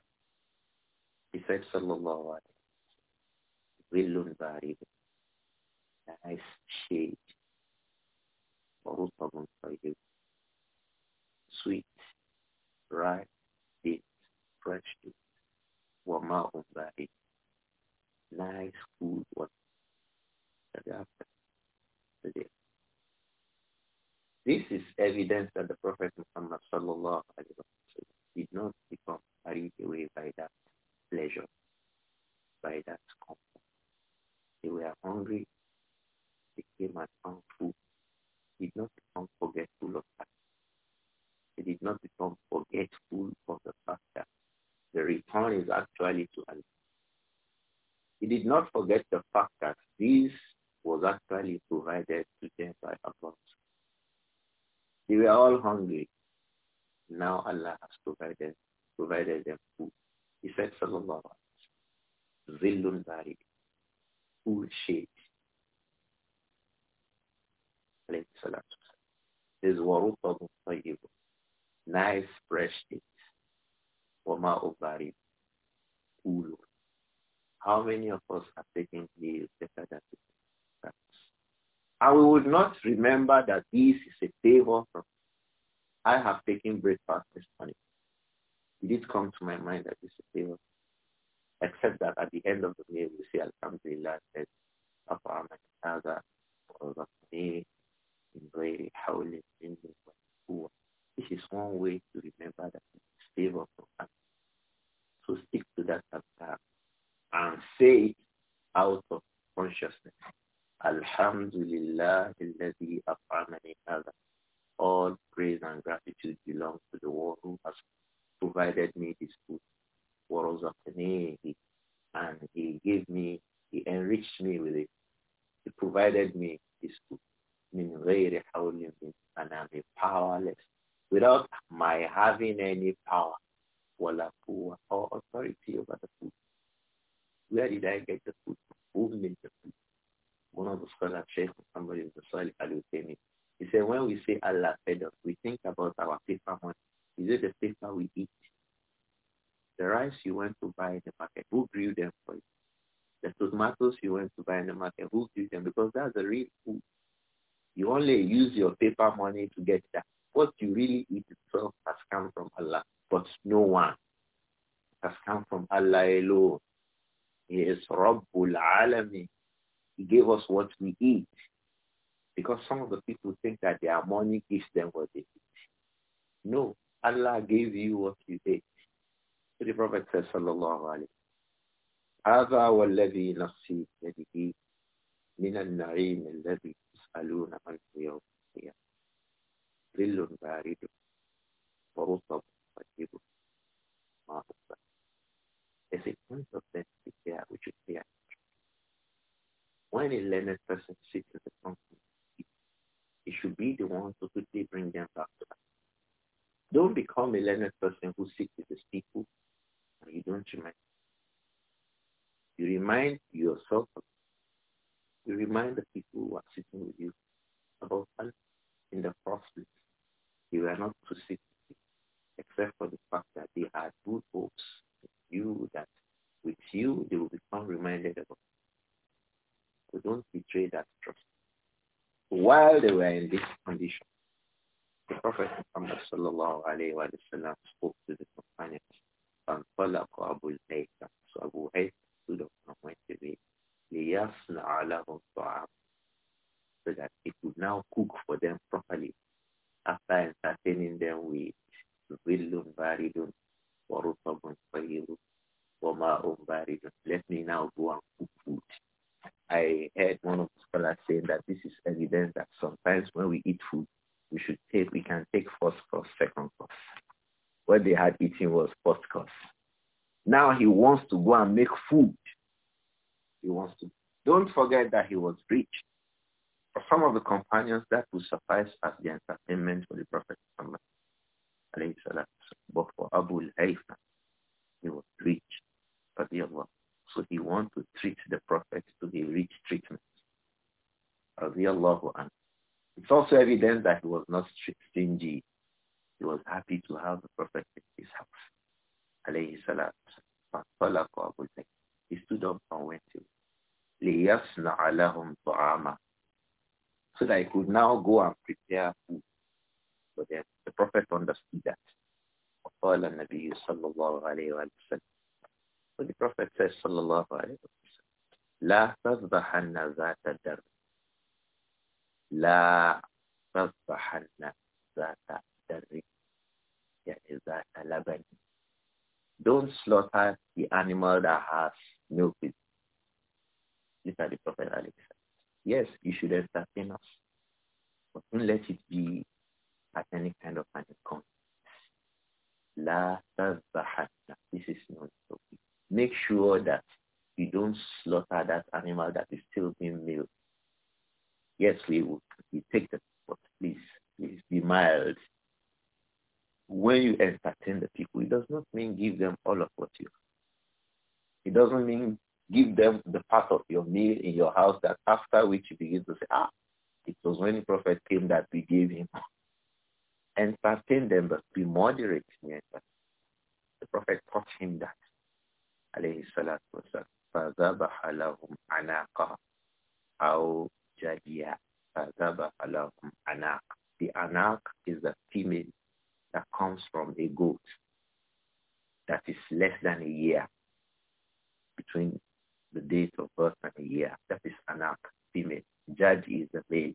[SPEAKER 1] He said, Sallallahu Alaihi Wasallam, Willun Barid. Nice shade most of them, like it sweet, right, it fresh it warm, dates, wama it nice food water that today. This is evidence that the Prophet Muhammad sallallahu alaihi wasallam did not become carried away by that pleasure, by that comfort. They were hungry. They came and found food did not become forgetful of that. He did not become forgetful of the fact that the return is actually to Allah. He did not forget the fact that this was actually provided to them by Allah. They were all hungry. Now Allah has provided provided them food. He said, Sallallahu Alaihi Wasallam, Zillun Barid, alayhi salatu is warutbun tayyibun. Nice fresh dates. Wama ubari. cool. How many of us are taking meals better than this? And we would not remember that this is a favor from I have taken breakfast this morning. It did come to my mind that this is a favor. Except that at the end of the meal we say Alhamdulillah says Afaman Haza this is one way to remember that it's favor from us. So stick to that adhkar and say it out of consciousness. Alhamdulillah, الذي أطعمني هذا. All praise and gratitude belong to the one who has provided me this food. وَرَزَقْنِيهِ And he gave me, he enriched me with it. He provided me this food min ghayri hawlin and I'm powerless without my having any power wala or authority over the food. Where did I get the food? Who made the food? One of the scholars, Sheikh somebody in the soil, Ali Utemi, he said, when we say Allah fed us, we think about our paper money. Is it the paper we eat? The rice you went to buy in the market, who grew them for you? The tomatoes you went to buy in the market, who grew them? Because that's the real food. You only use your paper money to get that. What you really eat itself has come from Allah, but no one has come from Allah alone. He is Rabbul Alami. He gave us what we eat. Because some of the people think that their money gives them what they eat. No, Allah gave you what you ate. So the Prophet says, Sallallahu Alaihi يسألون عنه يوم القيامة ظل بارد ورطب مجيب ما أصبح There's a sense of density there which is there. When a learned person sits at the company, he should be the one to quickly bring them back to us. Don't become a learned person who sits with the people and you don't remind. You remind yourself of you remind the people who are sitting with you about Allah in the first place. You were not to sit except for the fact that they had good hopes you that with you they will become reminded about. So don't betray that trust. While they were in this condition, the Prophet Muhammad sallallahu alayhi wa sallam spoke to the companions and Abu Haytham. So Abu Haytham stood up and went away so that it would now cook for them properly after entertaining them with Let me now go and cook food. I heard one of the scholars saying that this is evidence that sometimes when we eat food, we should take, we can take first course, second course. What they had eaten was first course. Now he wants to go and make food he wants to. Don't forget that he was rich. For some of the companions, that would suffice as the entertainment for the Prophet Muhammad. But for Abu al he was rich. So he wanted to treat the Prophet to the rich treatment. It's also evident that he was not stingy. He was happy to have the Prophet in his house. He stood up and went away. لِيَصْنَعَ لَهُمْ طَعَامًا So that he could now go and prepare food for them. The Prophet understood that. وقال النبي صلى الله عليه وسلم But the Prophet says صلى الله عليه وسلم لا تذبحن ذات در لا تذبحن ذات در يعني ذات لبن Don't slaughter the animal that has milk with these are the Prophet Ali. Yes, you should entertain us. But don't let it be at any kind of an inconvenience. La tazbahatna. This is not okay. Make sure that you don't slaughter that animal that is still being milked. Yes, we will we take the but please, please be mild. When you entertain the people, it does not mean give them all of what you have. It doesn't mean Give them the part of your meal in your house that after which you begin to say, ah, it was when the prophet came that we gave him. Entertain them, but be moderate in your The prophet taught him that. عليه الصلاة والسلام فذبح لهم عناقا أو جديا فذبح لهم عناق The anak is a female that comes from a goat that is less than a year, between the date of birth and the year. That is anak, female. Judge is the male.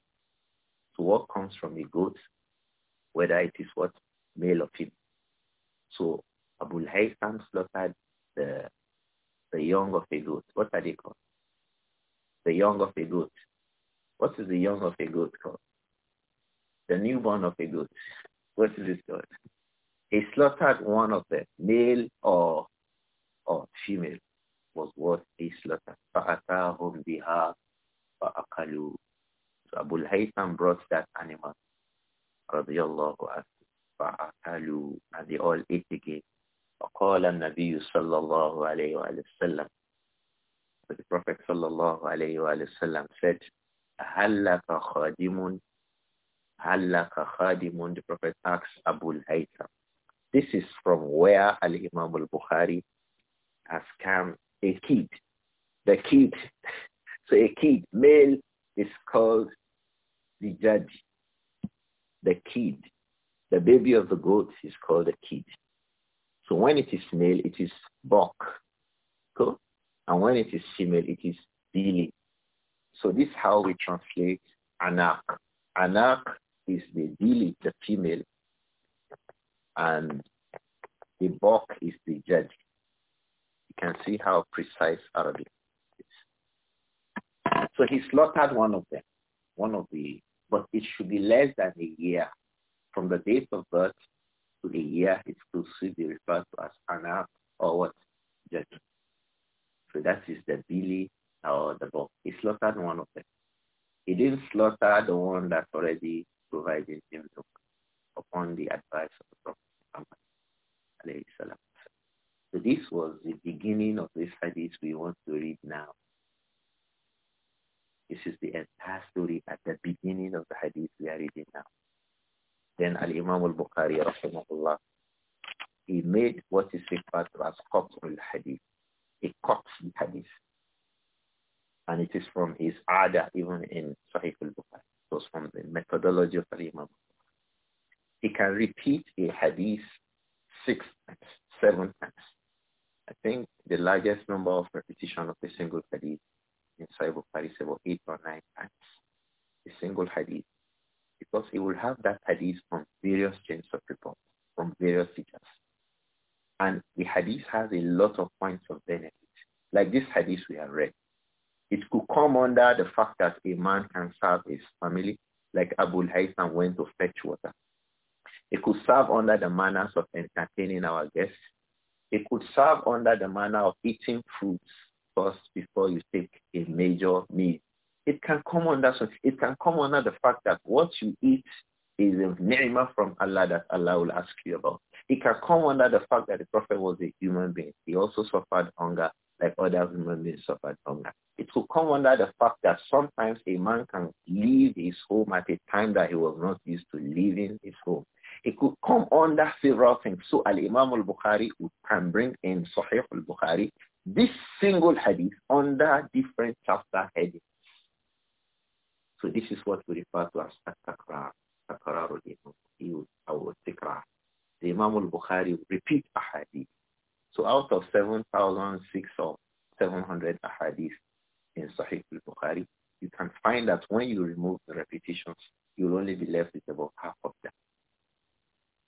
[SPEAKER 1] So what comes from a goat, whether it is what, male or female. So Abul Haytham slaughtered the, the young of a goat. What are they called? The young of a goat. What is the young of a goat called? The newborn of a goat. What is it called? He slaughtered one of them, male or or female was worth this فَأَتَاهُمْ بِهَا فَأَقَلُوا So Abu haytham brought that animal, radiallahu anhu, فَأَقَلُوا And they all ate again. فَقَالَ النَّبِيُّ صَلَّى اللَّهُ عَلَيْهِ وَسَلَّمَ But the Prophet sallallahu said, هَلَّكَ خَادِمٌ هَلَّكَ خَادِمٌ The Prophet asked Abu haytham This is from where Al-Imam al-Bukhari has come a kid. The kid, so a kid, male is called the judge. The kid, the baby of the goat is called a kid. So when it is male, it is bok. Cool? And when it is female, it is bili. So this is how we translate anak. Anak is the bili, the female, and the bok is the judge can see how precise Arabic is. So he slaughtered one of them, one of the, but it should be less than a year. From the date of birth to the year, it should be referred to as anna or what? Judge. So that is the billy or the bull. He slaughtered one of them. He didn't slaughter the one that's already provided what is referred to as Qatrul Hadith. He cuts the Hadith. And it is from his Ada, even in Sahih al-Bukhari. It was from the methodology of Imam. He can repeat a Hadith six times, seven times. I think the largest number of has a lot of points of benefit. Like this hadith we have read. It could come under the fact that a man can serve his family, like Abu Haytham went to fetch water. It could serve under the manners of entertaining our guests. It could serve under the manner of eating fruits first before you take a major meal. It can come under so it can come under the fact that what you eat is a ni'mah from Allah that Allah will ask you about. It can come under the fact that the prophet was a human being. He also suffered hunger like other human beings suffered hunger. It could come under the fact that sometimes a man can leave his home at a time that he was not used to leaving his home. It could come under several things. So Al-Imam al-Bukhari can bring in Sahih al-Bukhari this single hadith under different chapter headings. So this is what we refer to as Akrar, Akrar al-Imam, Awad the Imam al-Bukhari repeat ahadith. So out of 7,006 or 700 ahadith in Sahih al-Bukhari, you can find that when you remove the repetitions, you'll only be left with about half of them.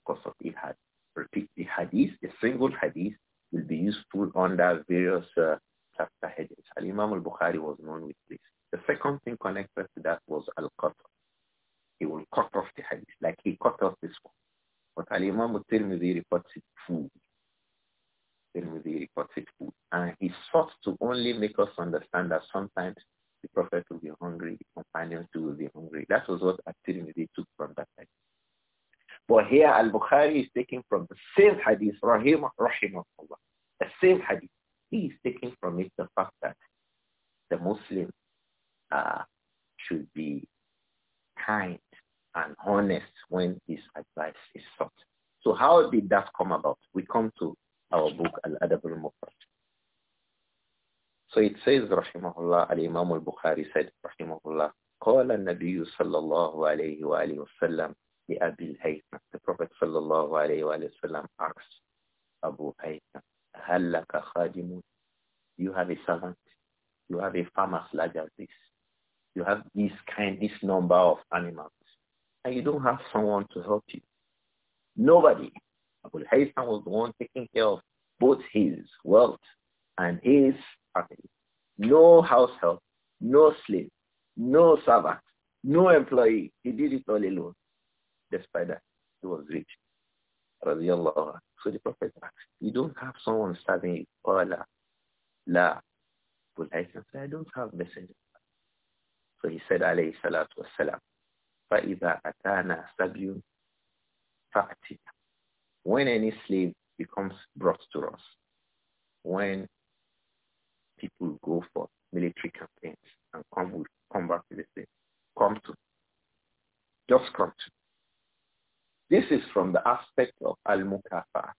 [SPEAKER 1] Because of the hadith. Repeat the hadith, a single hadith will be useful under various uh, chapter headings. Al-Imam al-Bukhari was known with this. The second thing connected to that was al-Qatr. He will cut off the hadith, like he cut off this one. Al-Imam al-Tirmidhi reports it full. Tirmidhi reports it And he sought to only make us understand that sometimes the Prophet will be hungry, the companions too will be hungry. That was what At-Tirmidhi took from that hadith. But here Al-Bukhari is taking from the same hadith, Rahim, Rahimahullah, the same hadith. He is taking from it the fact that the Muslim uh, should be kind and honest when this advice is sought. So how did that come about? We come to our book, Al-Adab al-Mufrad. So it says, Rahimahullah, Al-Imam al-Bukhari said, Rahimahullah, قال النبي صلى الله عليه وآله وسلم لأبي الهيثم The Prophet صلى الله عليه وآله وسلم asked Abu Haytham, هل لك خادم? You have a servant. You have a farmer's like this. You have this kind, this number of animals and you don't have someone to help you. Nobody. Abul Haytham was the one taking care of both his wealth and his family. No house help, no slave, no servant, no employee. He did it all alone. Despite that, he was rich. So the Prophet asked, you don't have someone serving you. Oh, la. La. Abul Haytham said, I don't have messenger. So he said, alayhi salatu wasalam, فَإِذَا أَتَانَا سَبْيٌ فَأْتِنَا When any slave becomes brought to us, when people go for military campaigns and come, with, come back to the come to, just come to. This is from the aspect of al-mukafa.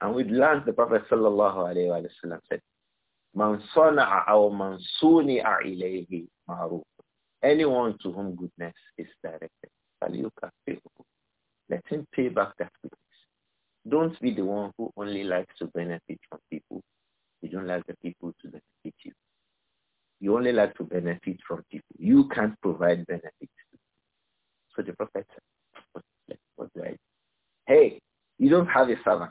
[SPEAKER 1] And we learned the Prophet sallallahu alayhi wa sallam said, Man sana'a aw man suni'a ilayhi ma'ruf. Anyone to whom goodness is directed, let him pay back that goodness. Don't be the one who only likes to benefit from people. You don't like the people to benefit you. You only like to benefit from people. You can't provide benefits. So the prophet said, what do I Hey, you don't have a servant.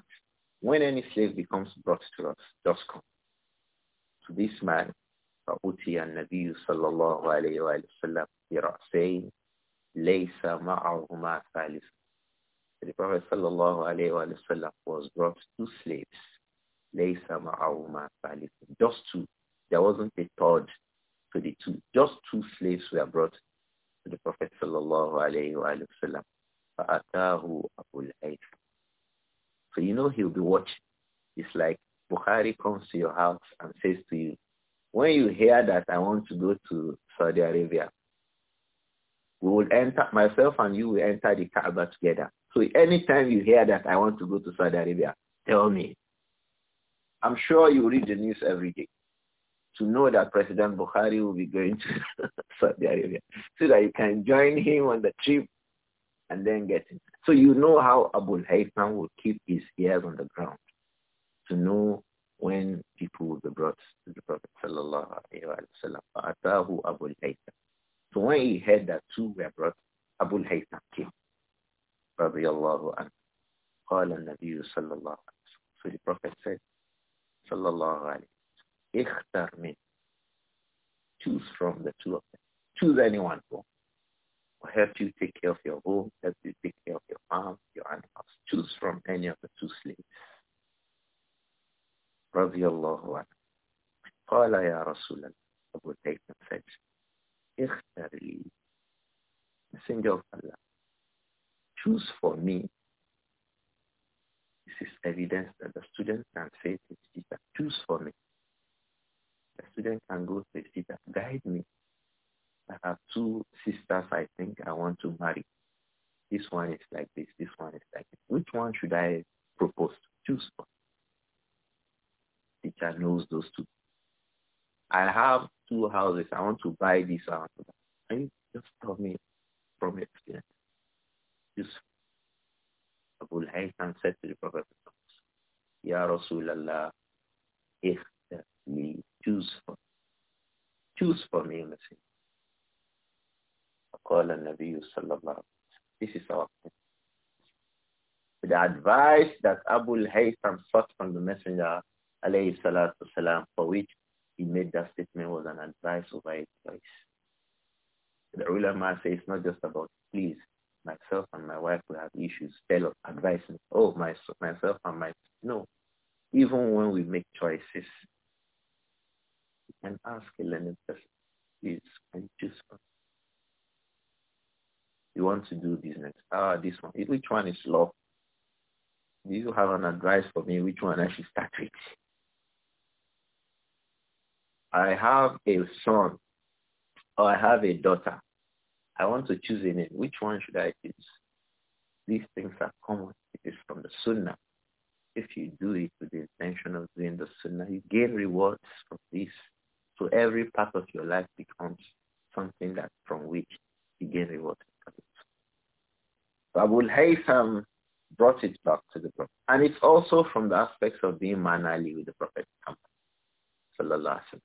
[SPEAKER 1] When any slave becomes brought to us, just come. To this man, فأتي النبي صلى الله عليه وآله وسلم برأسين ليس معهما ثالث The Prophet صلى الله عليه وآله وسلم was brought two slaves ليس معهما ثالث Just two. There wasn't a third to the two. Just two slaves were brought to the Prophet صلى الله عليه وآله وسلم فأتاه أبو So you know he'll be watching. It's like Bukhari comes to your house and says to you, when you hear that I want to go to Saudi Arabia, we will enter, myself and you will enter the Kaaba together. So anytime you hear that I want to go to Saudi Arabia, tell me. I'm sure you read the news every day to know that President Buhari will be going to Saudi Arabia so that you can join him on the trip and then get him. So you know how Abu Haytham will keep his ears on the ground to know when people were brought to the Prophet sallallahu alaihi wasallam. So when he heard that two were brought, Abu Haytham came. رضي الله عنه قال النبي صلى الله عليه وسلم the Prophet said صلى الله عليه وسلم اختر من Choose from the two of them. Choose anyone for. Will help you take care of your home, help you take care of your mom, your animals. Choose from any of the two slaves. رضي الله عنه قال يا رسول الله Abu Dayton said اختر لي Messenger of Allah choose for me this is evidence that the student can face his teacher choose for me the student can go to his teacher guide me I have two sisters I think I want to marry this one is like this this one is like this which one should I propose choose for teacher knows those two. I have two houses. I want to buy this house. Can you just tell me from experience? Yusuf. Abu Haytham said to the Prophet, Ya Rasulallah, if me, choose for choose for me, Messenger. This is our The advice that Abu Haytham sought from the Messenger alayhi salatu salam, for which he made that statement was an advice over advice. The ulama says it's not just about, please, myself and my wife will have issues, tell of advice. Oh, my, myself and my, no. Even when we make choices, we can ask a learned person, please, can you choose one? You want to do business. Ah, this one. Which one is love? Do you have an advice for me? Which one I should start with? I have a son or I have a daughter. I want to choose a name. Which one should I choose? These things are common. It is from the Sunnah. If you do it with the intention of doing the Sunnah, you gain rewards from this. So every part of your life becomes something that from which you gain rewards. Abu Haytham brought it back to the Prophet. And it's also from the aspects of being manly with the Prophet Muhammad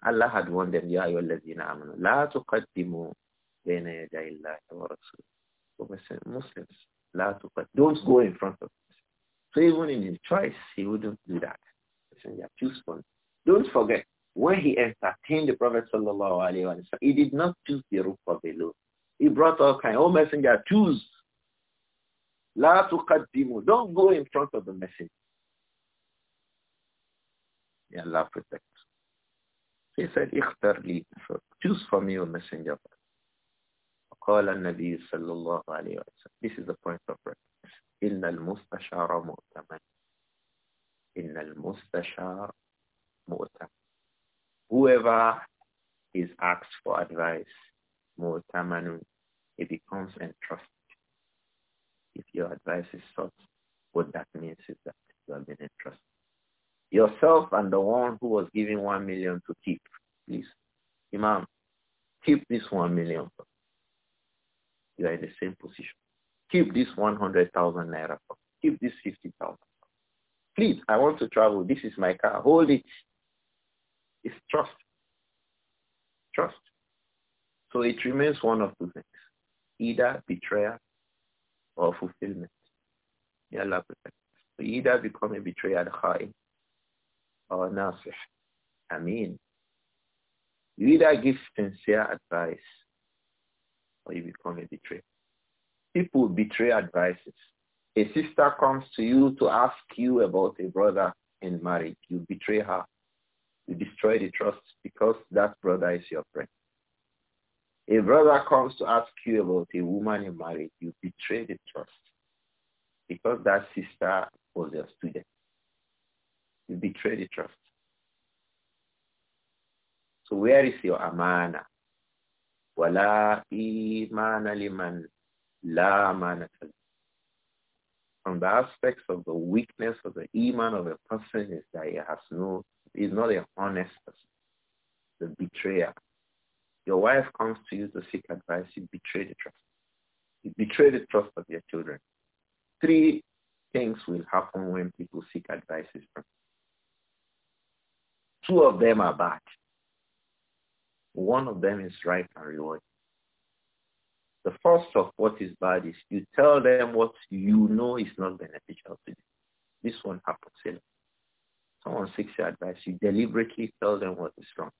[SPEAKER 1] Allah had warned them, Ya ayyuhallazina amanu, la tuqaddimu bayna yaday Allah Muslims, la Don't go in front of us. So even in his choice, he wouldn't do that. Don't forget, when he entertained the Prophet sallallahu alaihi wasallam, he did not choose the roof of the low. He brought all kinds. Oh messenger, choose. La tuqaddimu. Don't go in front of the messenger. Yeah, Allah protect he said, اختر so choose for me, O Messenger of قال النبي صلى الله عليه وسلم This is the point of reference. إن المستشار مؤتمن. إن المستشار مؤتمن. Whoever is asked for advice, مؤتمن, he becomes entrusted. If your advice is sought, what that means is that you have been entrusted. Yourself and the one who was giving one million to keep, please, Imam, keep this 1 million. You are in the same position. Keep this 100,000 naira. Keep this 50,000. Please, I want to travel. This is my car. Hold it. It's trust. Trust. So it remains one of two things. Either betrayal or fulfillment. Allah protect So either become a betrayer, al or nasih, I mean, you either give sincere advice or you become a betrayer. People betray advices. A sister comes to you to ask you about a brother in marriage. You betray her. You destroy the trust because that brother is your friend. A brother comes to ask you about a woman in marriage. You betray the trust because that sister was your student. You betray the trust. So where is your amana? Wala imana liman la From the aspects of the weakness of the iman of a person is that he has no, is not a honest person. The betrayer. Your wife comes to you to seek advice, you betray the trust. You betray the trust of your children. Three things will happen when people seek advice. from you. Two of them are bad. One of them is right and reward. The first of what is bad is you tell them what you know is not beneficial to them. This one happens Someone seeks your advice. You deliberately tell them what is wrong.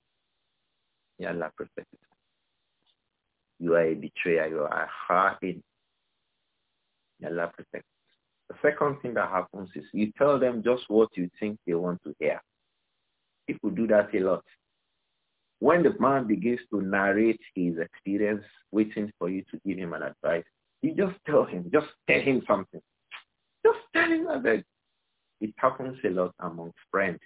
[SPEAKER 1] Allah protect you. You are a betrayer. You are a hard Allah protect The second thing that happens is you tell them just what you think they want to hear. People do that a lot. When the man begins to narrate his experience, waiting for you to give him an advice, you just tell him, just tell him something. Just tell him that it happens a lot among friends.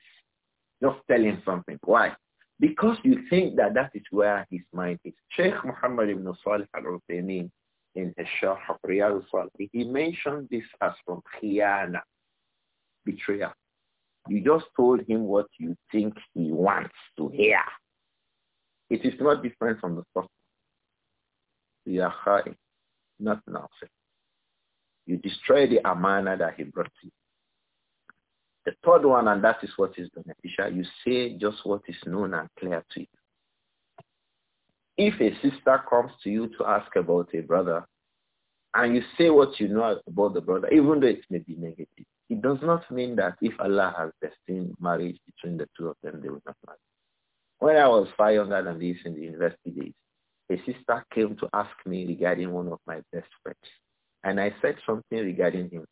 [SPEAKER 1] Just tell him something. Why? Because you think that that is where his mind is. Sheikh Muhammad ibn Salih al-Uthaymeen in his Sharh of Riyadh al-Salih, he mentioned this as from khiyana, betrayal. You just told him what you think he wants to hear. It is not different from the first. You are high, not nothing. You destroy the amana that he brought to you. The third one, and that is what is beneficial, you say just what is known and clear to you. If a sister comes to you to ask about a brother, and you say what you know about the brother, even though it may be negative, it does not mean that if Allah has destined marriage between the two of them, they will not marry. When I was 500 and this in the university days, a sister came to ask me regarding one of my best friends. And I said something regarding him.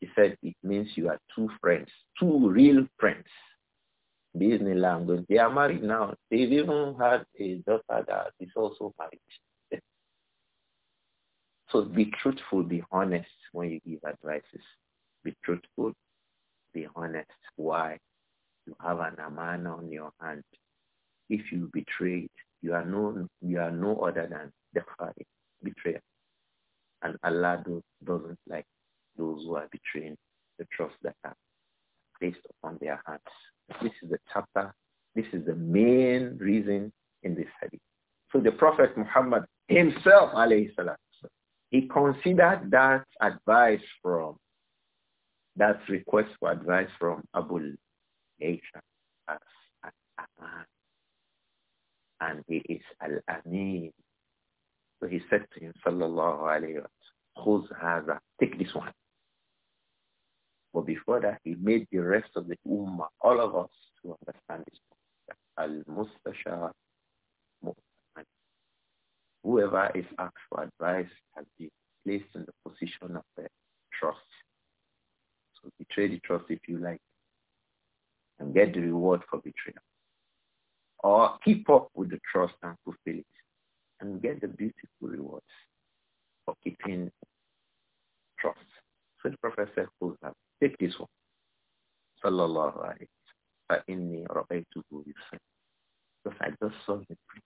[SPEAKER 1] He said, it means you are two friends, two real friends. Bismillah, i they are married now. They've even had a daughter that is also married. so be truthful, be honest when you give advices. Be truthful, be honest. Why? You have an amana on your hand. If you betray it, you are no, you are no other than the Khari, betrayer. And Allah do, doesn't like those who are betraying the trust that are placed upon their hearts. This is the chapter, this is the main reason in this hadith. So the Prophet Muhammad himself, alayhi salam, he considered that advice from, that request for advice from Abu Aisha as an and he is Al-Amin. So he said to him, Sallallahu alayhi wa sallam, take this one. But before that, he made the rest of the Ummah, all of us, to understand this. Al-Mustashar Whoever is asked for advice has been placed in the position of the trust. So betray the trust if you like and get the reward for betrayal or keep up with the trust and fulfill it and get the beautiful rewards for keeping trust. So the Prophet said, take this one. Sallallahu alayhi wa inni Because I just saw him pray.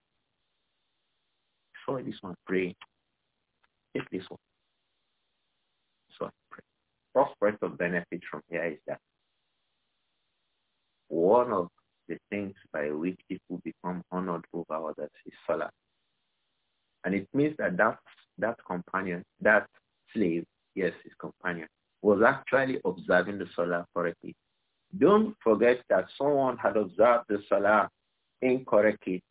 [SPEAKER 1] Saw this one pray. Take this one. So I pray. Prospect of benefit from here is that one of the things by which people become honored over others is Salah. And it means that that, that companion, that slave, yes, his companion, was actually observing the Salah correctly. Don't forget that someone had observed the Salah incorrectly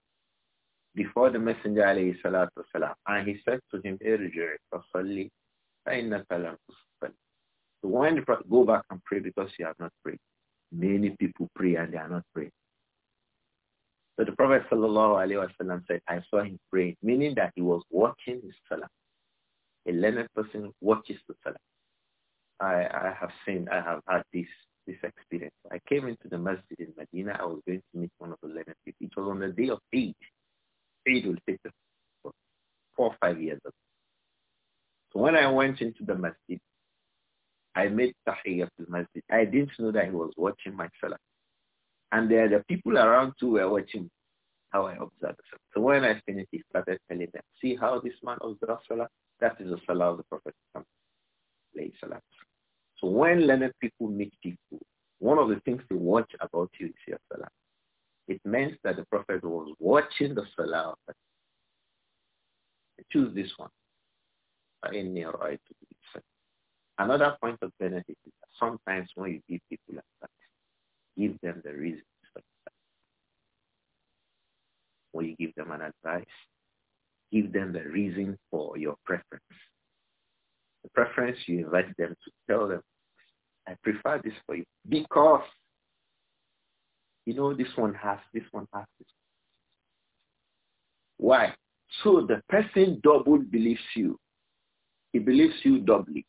[SPEAKER 1] before the Messenger alayhi salatu salam. And he said to him, Irjir, fasalli, fa'innaka lam So when go back and pray because you have not prayed. Many people pray and they are not praying. So the Prophet sallallahu said, I saw him pray, meaning that he was watching his salah. A learned person watches the salah. I, I have seen, I have had this this experience. I came into the masjid in Medina. I was going to meet one of the learned people. It was on the day of Eid, Eid al-Fitr, four or five years ago. So when I went into the masjid, I made tahiyyat al-masjid. I didn't know that he was watching my salah. And there, the people around too were watching how I observed So when I finished, he started telling them, see how this man observes Salah? That is the Salah of the Prophet Muhammad. So when learned people meet people, one of the things they watch about you is your Salah. It means that the Prophet was watching the Salah of Choose this one. Another point of benefit is that sometimes when you give people like that, give them the reason. When you give them an advice, give them the reason for your preference. The preference you invite them to tell them, I prefer this for you because you know this one has this one has this. Why? So the person double believes you. He believes you doubly.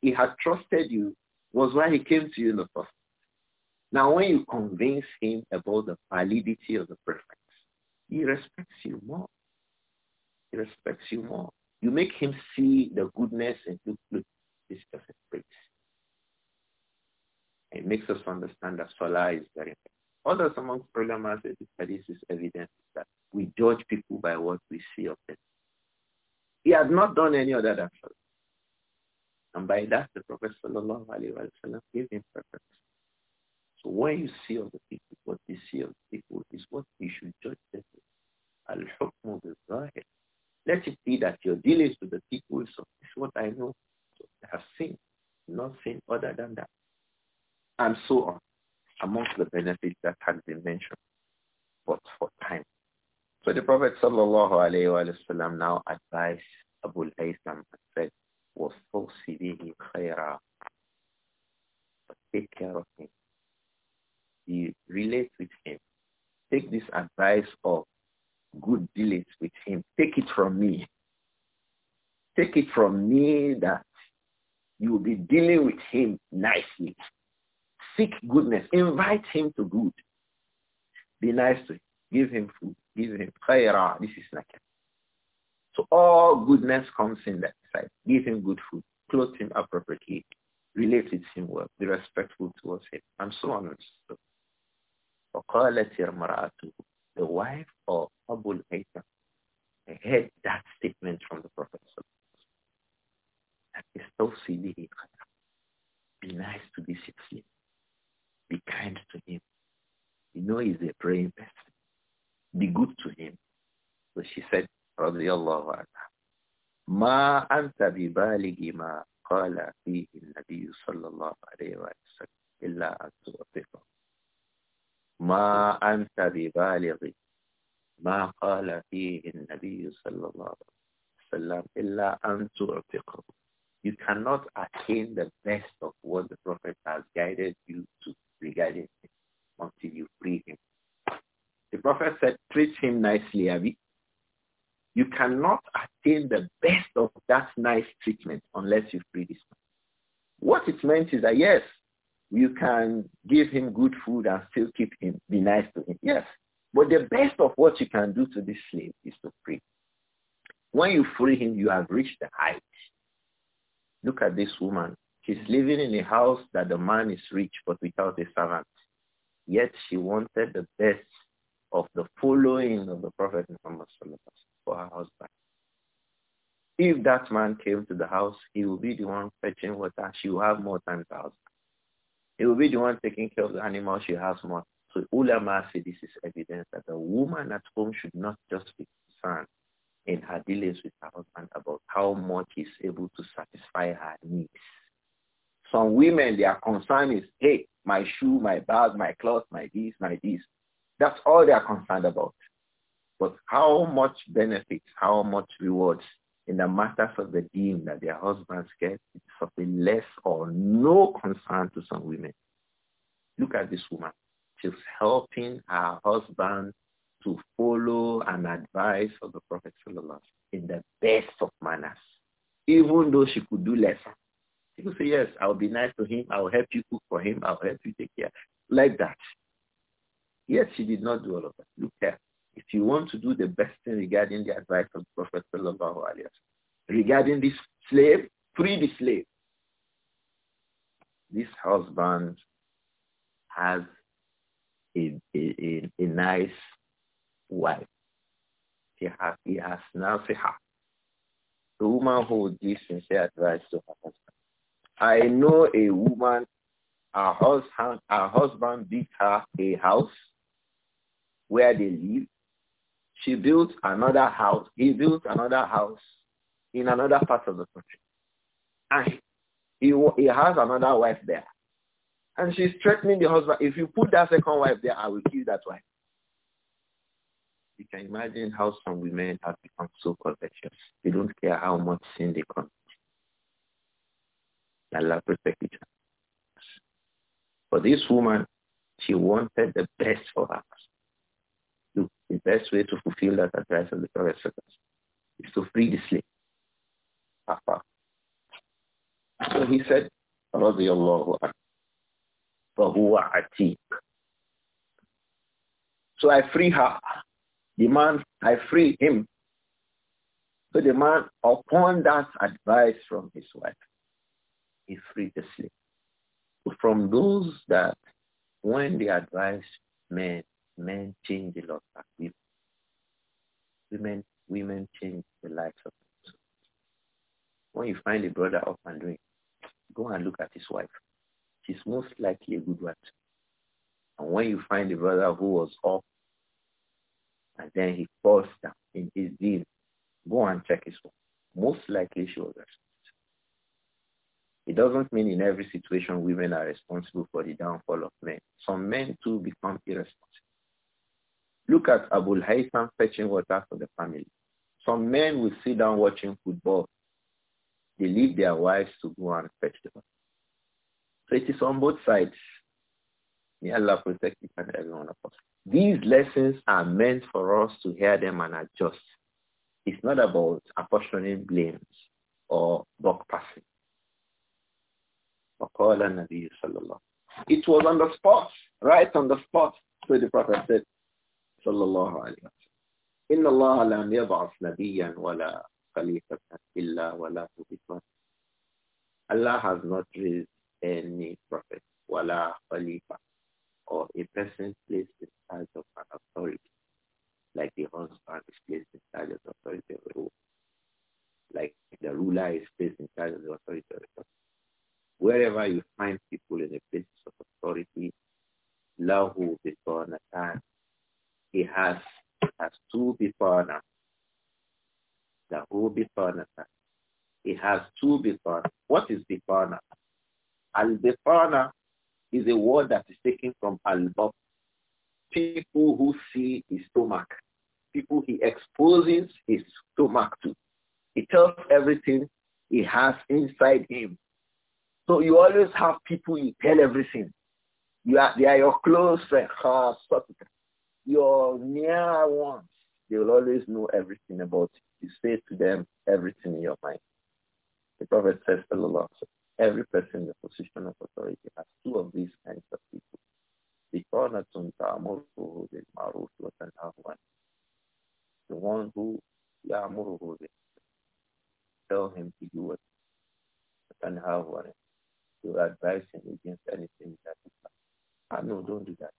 [SPEAKER 1] He had trusted you. Was why he came to you in the first now, when you convince him about the validity of the preference, he respects you more. He respects you more. You make him see the goodness and look, look, this person It makes us understand that Salah is very important. Others among programmers say that this is evidence that we judge people by what we see of them. He has not done any other than Salah. And by that, the Prophet Sallallahu Alaihi Wasallam gave him preference. So when you see other people, what they see other people is what you should judge them with. Let it be that your dealings with the people is what I know. So I have seen nothing other than that. And so on, amongst the benefits that has been mentioned, but for time. So the Prophet sallallahu alayhi wa, sallam, now advised Abu al-Haytham and said, وَصَوْصِ بِهِ خَيْرًا But take care of him he relates with him. Take this advice of good dealings with him. Take it from me. Take it from me that you will be dealing with him nicely. Seek goodness. Invite him to good. Be nice to him. Give him food. Give him prayer. This is naked. So all goodness comes in that side. Give him good food. Clothe him appropriately. Relate with him well. Be respectful towards him. And so on and so forth. فقالت the wife of Abu Haytham heard that statement from the Prophet he tawsibihi khayra. Be nice to this slave. Be kind to him. You know he's a praying person. Be good to him. So she said, radiyallahu anha, ما أنت bibaligi ma قال فيه النبي صلى الله عليه وسلم إلا أن ما أنت ببالغ ما قال فيه النبي صلى الله عليه وسلم إلا أن You cannot attain the best of what the Prophet has guided you to regarding him until you free him. The Prophet said, treat him nicely, Abi. You cannot attain the best of that nice treatment unless you free this man. What it meant is that, yes, you can give him good food and still keep him, be nice to him. Yes. But the best of what you can do to this slave is to free. When you free him, you have reached the height. Look at this woman. She's living in a house that the man is rich but without a servant. Yet she wanted the best of the following of the Prophet Muhammad for her husband. If that man came to the house, he will be the one fetching water. She will have more than thousand. He will be the one taking care of the animal she has more. So ulama say this is evidence that a woman at home should not just be concerned in her dealings with her husband about how much he's able to satisfy her needs. Some women, their concern is, hey, my shoe, my bag, my clothes, my this, my this. That's all they are concerned about. But how much benefits, how much rewards in the matters of the deal that their husbands get, it's of a less or no concern to some women. Look at this woman. She's helping her husband to follow and advise of the Prophet in the best of manners, even though she could do less. People say, yes, I'll be nice to him. I'll help you cook for him. I'll help you take care. Like that. Yes, she did not do all of that. Look at if you want to do the best thing regarding the advice of the Prophet Sallallahu Alaihi regarding this slave, free the slave. This husband has a, a, a, a nice wife. He has, he has nasiha. The woman who gives sincere advice to her husband. I know a woman, her husband, her husband built her a house where they live she built another house. He built another house in another part of the country. And he, he has another wife there. And she's threatening the husband, if you put that second wife there, I will kill that wife. You can imagine how some women have become so covetous. They don't care how much sin they commit. Allah protect each other. For this woman, she wanted the best for us. The best way to fulfill that advice of the Prophet is to free the slave. Afar. So he said, So I free her. The man, I free him. So the man, upon that advice from his wife, he freed the slave. from those that, when the advice men Men change a lot but women. Women, women change the lives of people. When you find a brother up and doing, go and look at his wife. She's most likely a good one. And when you find a brother who was off and then he falls down in his deed, go and check his wife. Most likely she was responsible. It doesn't mean in every situation women are responsible for the downfall of men. Some men too become irresponsible. Look at Abu Haytham fetching water for the family. Some men will sit down watching football. They leave their wives to go and fetch the water. So it is on both sides. May Allah protect each and every one of us. These lessons are meant for us to hear them and adjust. It's not about apportioning blames or block passing. It was on the spot, right on the spot. So the Prophet said, sallallahu alayhi wa sallam. إِنَّ اللَّهَ لَمْ يَبْعَثْ نَبِيًّا وَلَا خَلِيفَةً إِلَّا وَلَا خُبِثًا Allah has not raised any prophet, wala khalifa, or a person placed in charge of an authority, like the husband is placed in charge of the authority of the ruler, like the ruler is placed in charge of the authority of the Wherever you find people in the places of authority, lahu bitanatan, he has has two bitana. Lahu bitana. He has two bitana. What is bitana? Al-bitana is a word that is taken from al-bab. People who see his stomach. People he exposes his stomach to. He tells everything he has inside him. So you always have people you tell everything. You are, they are your close friends your near ones, they will always know everything about you. You say to them everything in your mind. The Prophet says, Sallallahu every person in the position of authority has two of these kinds of people. The one who يأمره Tell him to do what and have one to advise him against anything that he does. Ah, no, don't do that.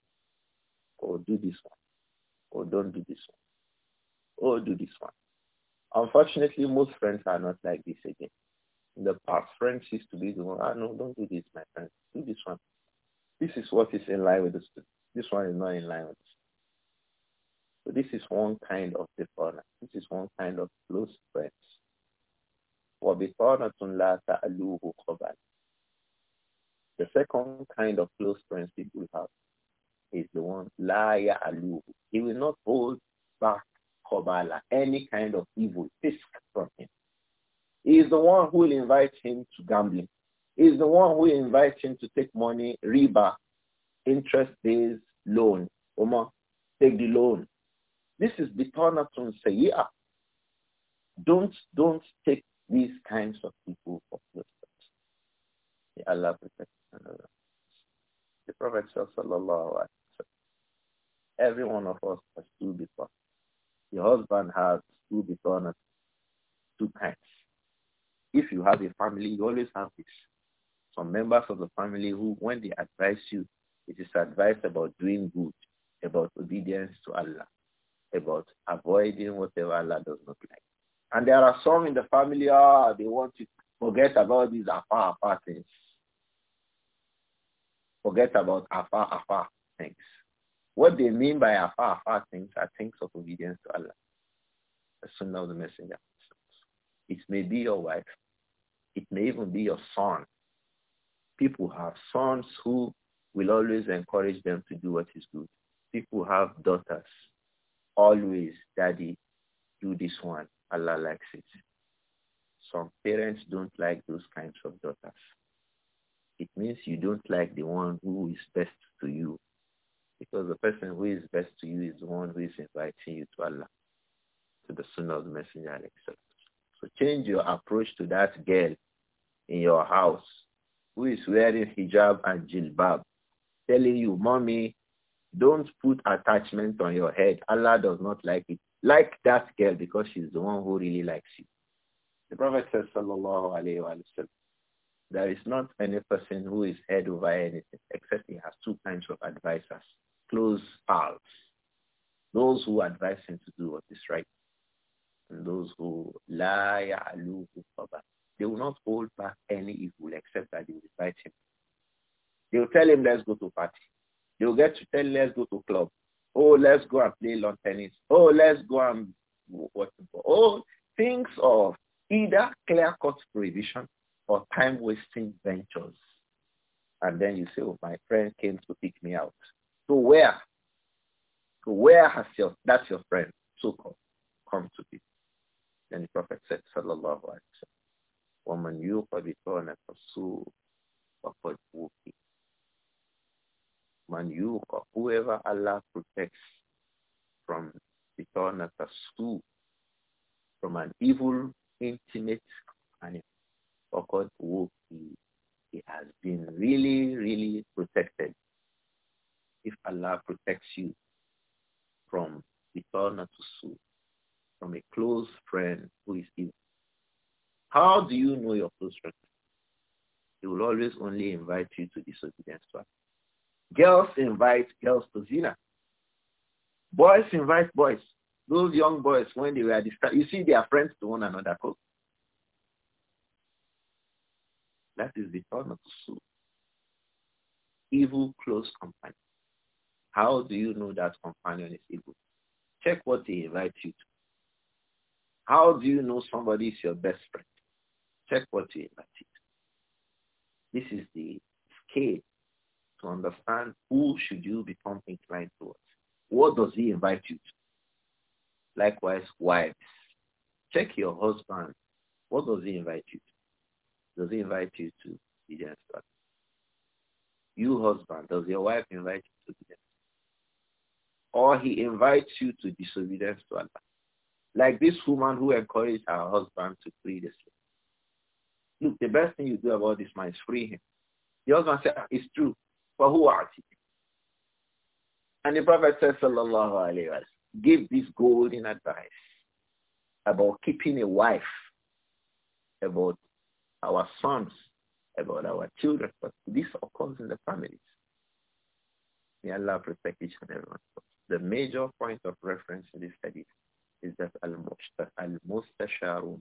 [SPEAKER 1] Or do this one don't do this one. Oh, do this one. Unfortunately, most friends are not like this again. In the past, friends used to be the one, ah, no, don't do this, my friend. Do this one. This is what is in line with the student. This one is not in line with the student. So this is one kind of difference. This is one kind of close friends. The second kind of close friends people have is the one, liar Alu. He will not hold back Kobala, any kind of evil, fisk from him. He is the one who will invite him to gambling. He is the one who will invite him to take money, riba, interest-based loan. Omar, take the loan. This is bitanatun sayyi'ah. Don't, don't take these kinds of people for yourselves. May Allah protect The Prophet sallallahu alaihi Every one of us has two before. The husband has two before, two times. If you have a family, you always have this. Some members of the family who, when they advise you, it is advice about doing good, about obedience to Allah, about avoiding whatever Allah does not like. And there are some in the family, ah, they want to forget about these afar, afar things. Forget about afar, afar things. What they mean by afar, afar things are things of obedience to Allah, the sunnah of the messenger. It may be your wife. It may even be your son. People have sons who will always encourage them to do what is good. People have daughters. Always, daddy, do this one. Allah likes it. Some parents don't like those kinds of daughters. It means you don't like the one who is best to you because the person who is best to you is the one who is inviting you to Allah, to the Sunnah of the Messenger. So change your approach to that girl in your house who is wearing hijab and jilbab, telling you, mommy, don't put attachment on your head. Allah does not like it. Like that girl because she's the one who really likes you. The Prophet says, sallallahu alayhi wa sallam, there is not any person who is head over anything except he has two kinds of advisors close pals, those who advise him to do what is right, and those who lie, They will not hold back any evil except that they will invite him. They will tell him, let's go to party. They will get to tell, let's go to club. Oh, let's go and play lawn tennis. Oh, let's go and what? Oh, things of either clear-cut prohibition or time-wasting ventures. And then you say, oh, my friend came to pick me out. To where? To where has your, that's your friend? So come, come to be And the Prophet said, Sallallahu Alaihi Wasallam, for the بِطَوْنَ of فَقَدْ وُقِي Man yuqa, whoever Allah protects from bitana tasu, from an evil, intimate animal, faqad wuqi, he has been really, really protected if Allah protects you from to Tusu, from a close friend who is evil. How do you know your close friend? He will always only invite you to disobedience to Girls invite girls to zina. Boys invite boys. Those young boys, when they were distracted, you see they are friends to one another. That is the turn of soul. Evil close company. How do you know that companion is evil? Check what he invites you to. How do you know somebody is your best friend? Check what he invites you to. This is the scale to understand who should you become inclined towards. What does he invite you to? Likewise, wives. Check your husband. What does he invite you to? Does he invite you to be the You husband, does your wife invite you to be the or he invites you to disobedience to Allah. Like this woman who encouraged her husband to free the slave. Look, the best thing you do about this man is free him. The husband said, ah, it's true. but who are you? And the Prophet said, sallallahu alayhi wa give this golden advice about keeping a wife, about our sons, about our children. But this occurs in the families. May Allah protect each and every one of us. The major point of reference in this hadith is that al-mustasharu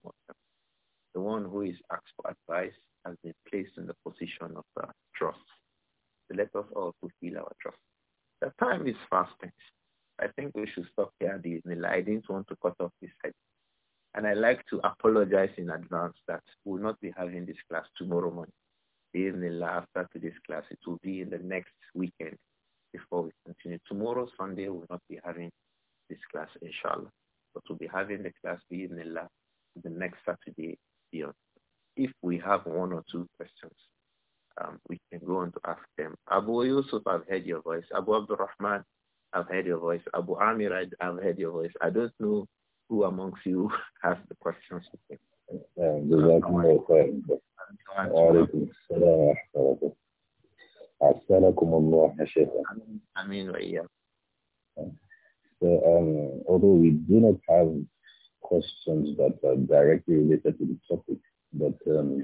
[SPEAKER 1] the one who is asked for advice has been placed in the position of uh, trust. So let us all fulfill our trust. The time is fast. I think we should stop here, Disney. I didn't want to cut off this head. And I like to apologize in advance that we will not be having this class tomorrow morning. Disney, after this class, it will be in the next weekend before we continue. Tomorrow, Sunday, we'll not be having this class, inshallah. But we'll be having the class, bi'idhnillah, the next Saturday beyond. If we have one or two questions, um, we can go on to ask them. Abu Yusuf, I've heard your voice. Abu Rahman, I've heard your voice. Abu Amir, I've heard your voice. I don't know who amongst you has the questions. Yeah, uh, الله يا شيخ. آمين وإياك. So um, although we do not have questions that are directly related to the topic, but um,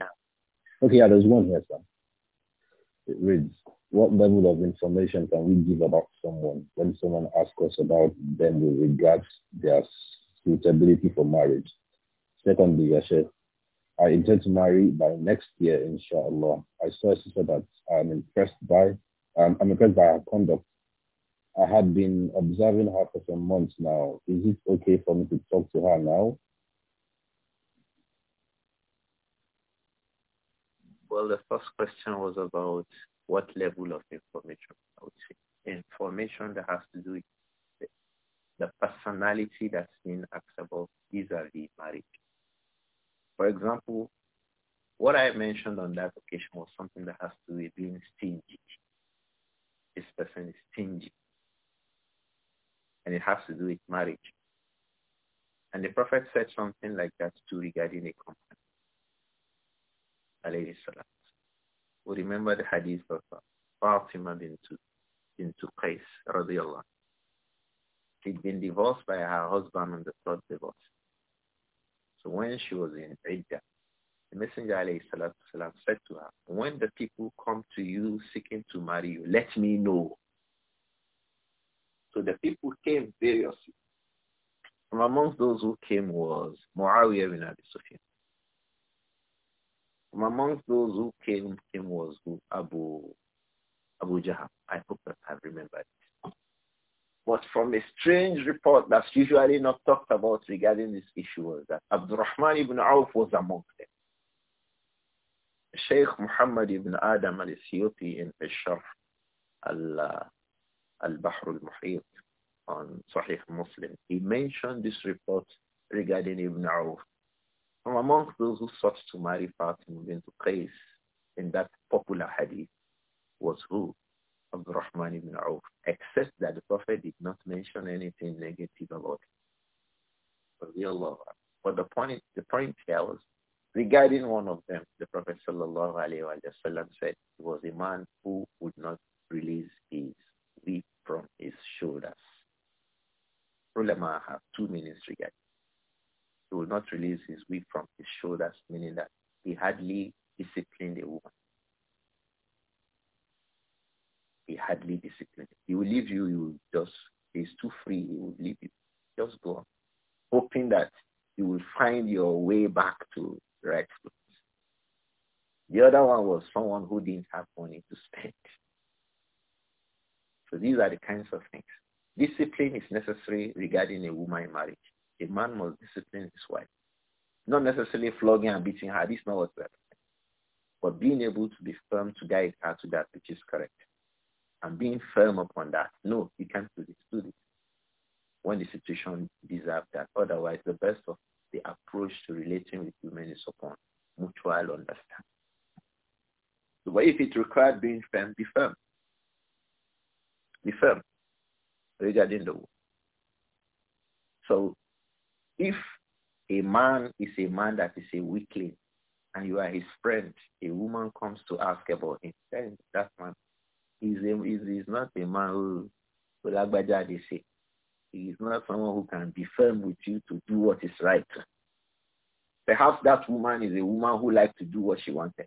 [SPEAKER 1] okay, yeah, there's one here, sir. It reads, what level of information can we give about someone when someone asks us about them with regards their suitability for marriage? Secondly, I intend to marry by next year, inshallah. I saw a sister that I'm impressed by I'm, I'm impressed by her conduct. I had been observing her for some months now. Is it okay for me to talk to her now? Well, the first question was about what level of information, I would say. Information that has to do with the, the personality that's being asked about vis-a-vis marriage. For example, what I mentioned on that occasion was something that has to do with being stingy this person is stingy. And it has to do with marriage. And the Prophet said something like that to regarding a company. We remember the hadith of uh, Fatima bint, bint Qais radiallahu She'd been divorced by her husband on the third divorce. So when she was in Iddah, the Messenger والسلام, said to her, when the people come to you seeking to marry you, let me know. So the people came variously. From amongst those who came was Muawiyah bin Abi Sufyan. From amongst those who came, came was Abu, Abu Jahab. I hope that I remember it. But from a strange report that's usually not talked about regarding this issue was that Abdurrahman ibn Auf was amongst them. Sheikh Muhammad ibn Adam al-Siyuti in al al-Bahr al-Muhit on Sahih Muslim, he mentioned this report regarding Ibn Auf. From among those who sought to marry Fatima into Qais in that popular hadith was who? Abdurrahman ibn Auf, except that the Prophet did not mention anything negative about him. But the point, the point here was Regarding one of them, the Prophet sallallahu said he was a man who would not release his whip from his shoulders. Ulama have two meanings regarding. He will not release his whip from his shoulders, meaning that he hardly disciplined a woman. He hardly disciplined. He will leave you, you will just, he's too free, he will leave you. Just go on, hoping that you will find your way back to right The other one was someone who didn't have money to spend. So these are the kinds of things. Discipline is necessary regarding a woman in marriage. A man must discipline his wife. Not necessarily flogging and beating her. This is not what's right. But being able to be firm to guide her to that which is correct. And being firm upon that. No, you can't do this. Do this. When the situation deserves that. Otherwise, the best of the approach to relating with women is upon mutual understanding. So, but if it required being firm, be firm. Be firm regarding the woman. So if a man is a man that is a weakling and you are his friend, a woman comes to ask about him, then that man is, is, not a man who, will like they say, he is not someone who can be firm with you to do what is right. Perhaps that woman is a woman who liked to do what she wanted.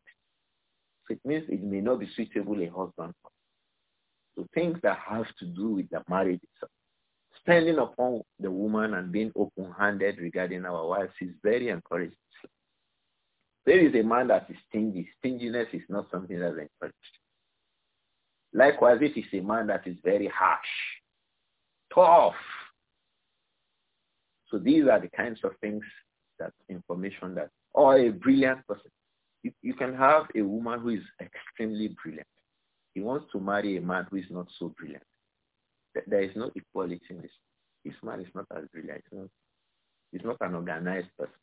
[SPEAKER 1] So it means it may not be suitable a husband for. So things that have to do with the marriage itself. Standing upon the woman and being open-handed regarding our wives is very encouraging. There is a man that is stingy. Stinginess is not something that's encouraged. Likewise, if it's a man that is very harsh, tough. So these are the kinds of things that information that, or oh, a brilliant person. You, you can have a woman who is extremely brilliant. He wants to marry a man who is not so brilliant. There is no equality in this. This man is not as brilliant. He's not, he's not an organized person.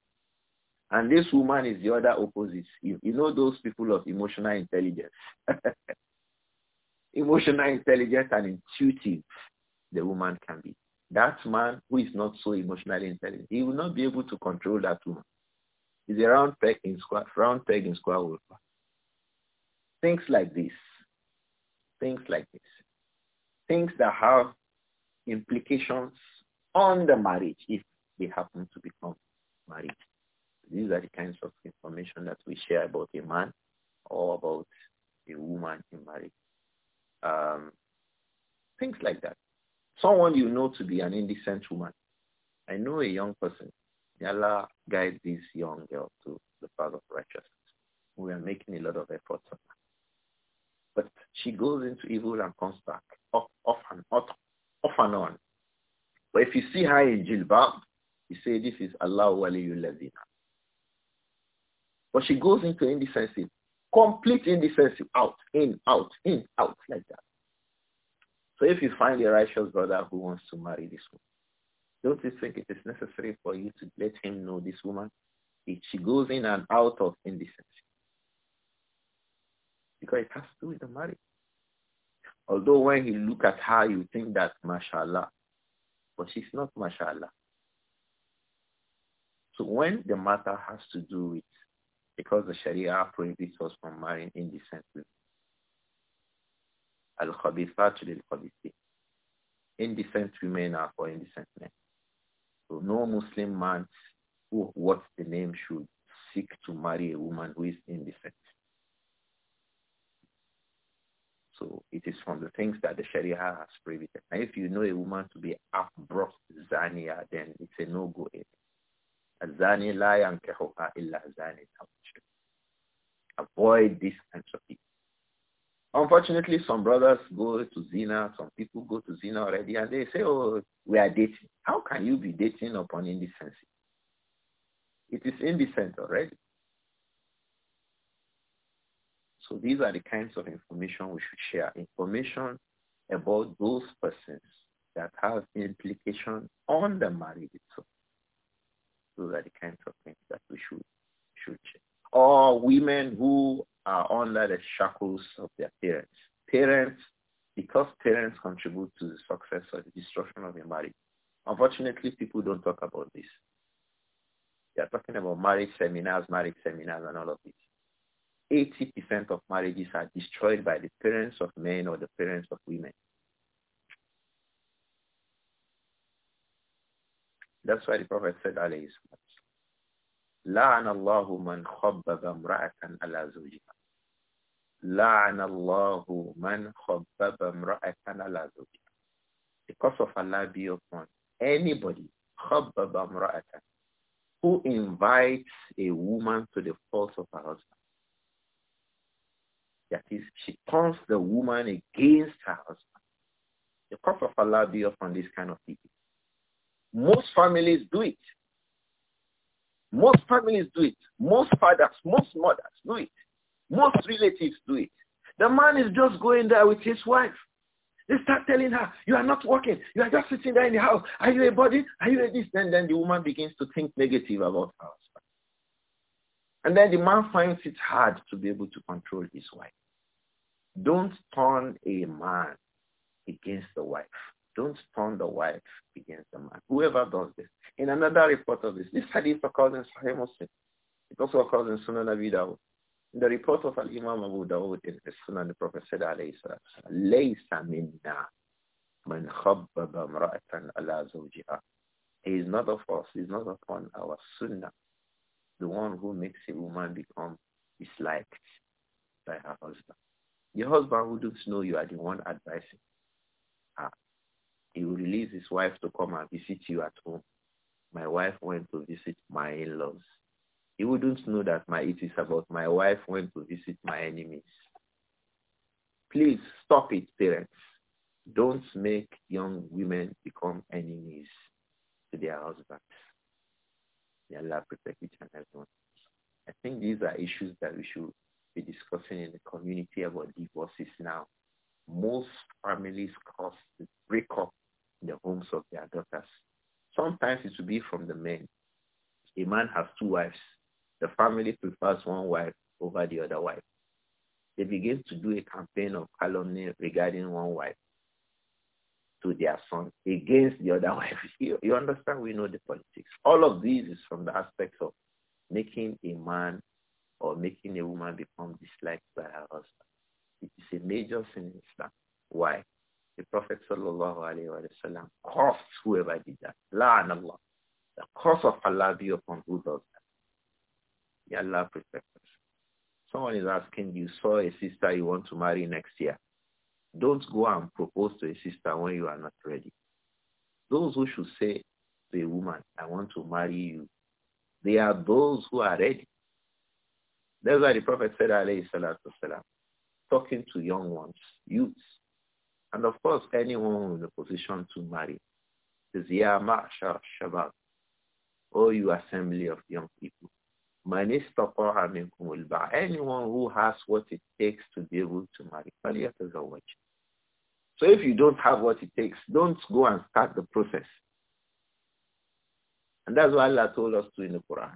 [SPEAKER 1] And this woman is the other opposite. You, you know those people of emotional intelligence. emotional intelligence and intuitive the woman can be. That man who is not so emotionally intelligent, he will not be able to control that woman. He's a round peg in square, round peg in square hole. Things like this, things like this, things that have implications on the marriage if they happen to become married. These are the kinds of information that we share about a man or about a woman in marriage. Um, things like that someone you know to be an indecent woman. I know a young person. May Allah guide this young girl to the path of righteousness. We are making a lot of efforts on that. But she goes into evil and comes back off, off and off, off and on. But if you see her in jilbab, you say this is Allah waliyul ladina. But she goes into indecency, complete indecency, out, in, out, in, out, like that. So if you find a righteous brother who wants to marry this woman, don't you think it is necessary for you to let him know this woman? She goes in and out of indecency. Because it has to do with the marriage. Although when you look at her, you think that, mashallah. But she's not mashallah. So when the matter has to do with, because the Sharia prohibits us from marrying indecently, Al-Khabithatu lil-Khabithit. Indecent women are for indecent men. So no Muslim man who what's the name should seek to marry a woman who is indecent. So it is from the things that the Sharia has prohibited. Now, if you know a woman to be abrupt zaniya, then it's a no-go area. Zani la illa zani Avoid these kinds of people. Unfortunately, some brothers go to Zina, some people go to Zina already, and they say, oh, we are dating. How can you be dating upon indecency? It is indecent already. So these are the kinds of information we should share. Information about those persons that have implication on the marriage itself. Those are the kinds of things that we should should share. Or women who are under the shackles of their parents. Parents, because parents contribute to the success or the destruction of a marriage. Unfortunately, people don't talk about this. They are talking about marriage seminars, marriage seminars, and all of this. 80% of marriages are destroyed by the parents of men or the parents of women. That's why the Prophet said, alayhi salatu لعن الله من خبب امرأة على زوجها لَعْنَ اللَّهُ مَنْ خَبَّبَ امْرَأَةً عَلَى زَوْجِهَا The curse of Allah be upon anybody خَبَّبَ امْرَأَةً who invites a woman to the fault of her husband. That is, she turns the woman against her husband. The curse of Allah be upon this kind of people. Most families do it. Most families do it. Most fathers, most mothers do it. Most relatives do it. The man is just going there with his wife. They start telling her, you are not working. You are just sitting there in the house. Are you a body? Are you a this? And then the woman begins to think negative about her husband. And then the man finds it hard to be able to control his wife. Don't turn a man against the wife. Don't turn the wife against the man. Whoever does this. In another report of this, this hadith occurs in Sahih Muslim. It also occurs in Sunan Abi Dawud. The report of Al-Imam Abu Dawud in the Sunan, the Prophet said, alayhi salatu He is not of us, he is not upon our sunnah. The one who makes a woman become disliked by her husband. Your husband wouldn't know you are the one advising her. He will release his wife to come and visit you at home. My wife went to visit my in-laws he wouldn't know that my it is about my wife went to visit my enemies. Please stop it, parents. Don't make young women become enemies to their husbands. Allah protect each and everyone. I think these are issues that we should be discussing in the community about divorces now. Most families cause the breakup in the homes of their daughters. Sometimes it will be from the men. A man has two wives. The family prefers one wife over the other wife. They begin to do a campaign of calumny regarding one wife to their son against the other wife. You, you understand? We know the politics. All of these is from the aspect of making a man or making a woman become disliked by her husband. It is a major sin in Islam. Why? The Prophet sallallahu alaihi wasallam cursed whoever did that. La Allah. The curse of Allah be upon who does that. May Allah protect us. Someone is asking, you saw a sister you want to marry next year. Don't go and propose to a sister when you are not ready. Those who should say to a woman, I want to marry you, they are those who are ready. That's why the Prophet said, alayhi salatu wasalam, talking to young ones, youths, and of course anyone in a position to marry. Says, Ya ma'shar shabab, O you assembly of young people. Anyone who has what it takes to be able to marry. So if you don't have what it takes, don't go and start the process. And that's why Allah told us to in the Quran.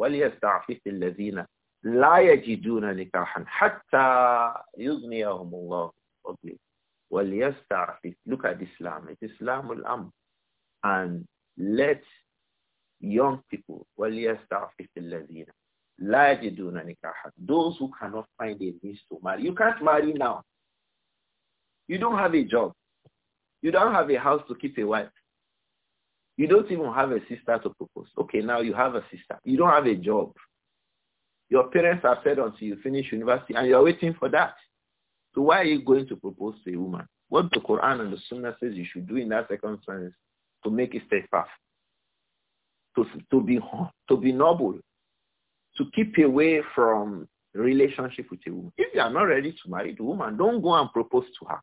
[SPEAKER 1] وَلْيَسْتَعْفِفِ الَّذِينَ لَا يَجِدُونَ نِكَاحًا حَتَّى يُغْنِيَهُمُ اللَّهُ وَلْيَسْتَعْفِفِ Look at Islam. It's Islam al-Amr. And let young people, those who cannot find a means to marry. You can't marry now. You don't have a job. You don't have a house to keep a wife. You don't even have a sister to propose. Okay, now you have a sister. You don't have a job. Your parents are fed until you finish university and you're waiting for that. So why are you going to propose to a woman? What the Quran and the Sunnah says you should do in that circumstance to make it steadfast to, to, be, to be noble, to keep away from relationship with a woman. If you are not ready to marry the woman, don't go and propose to her.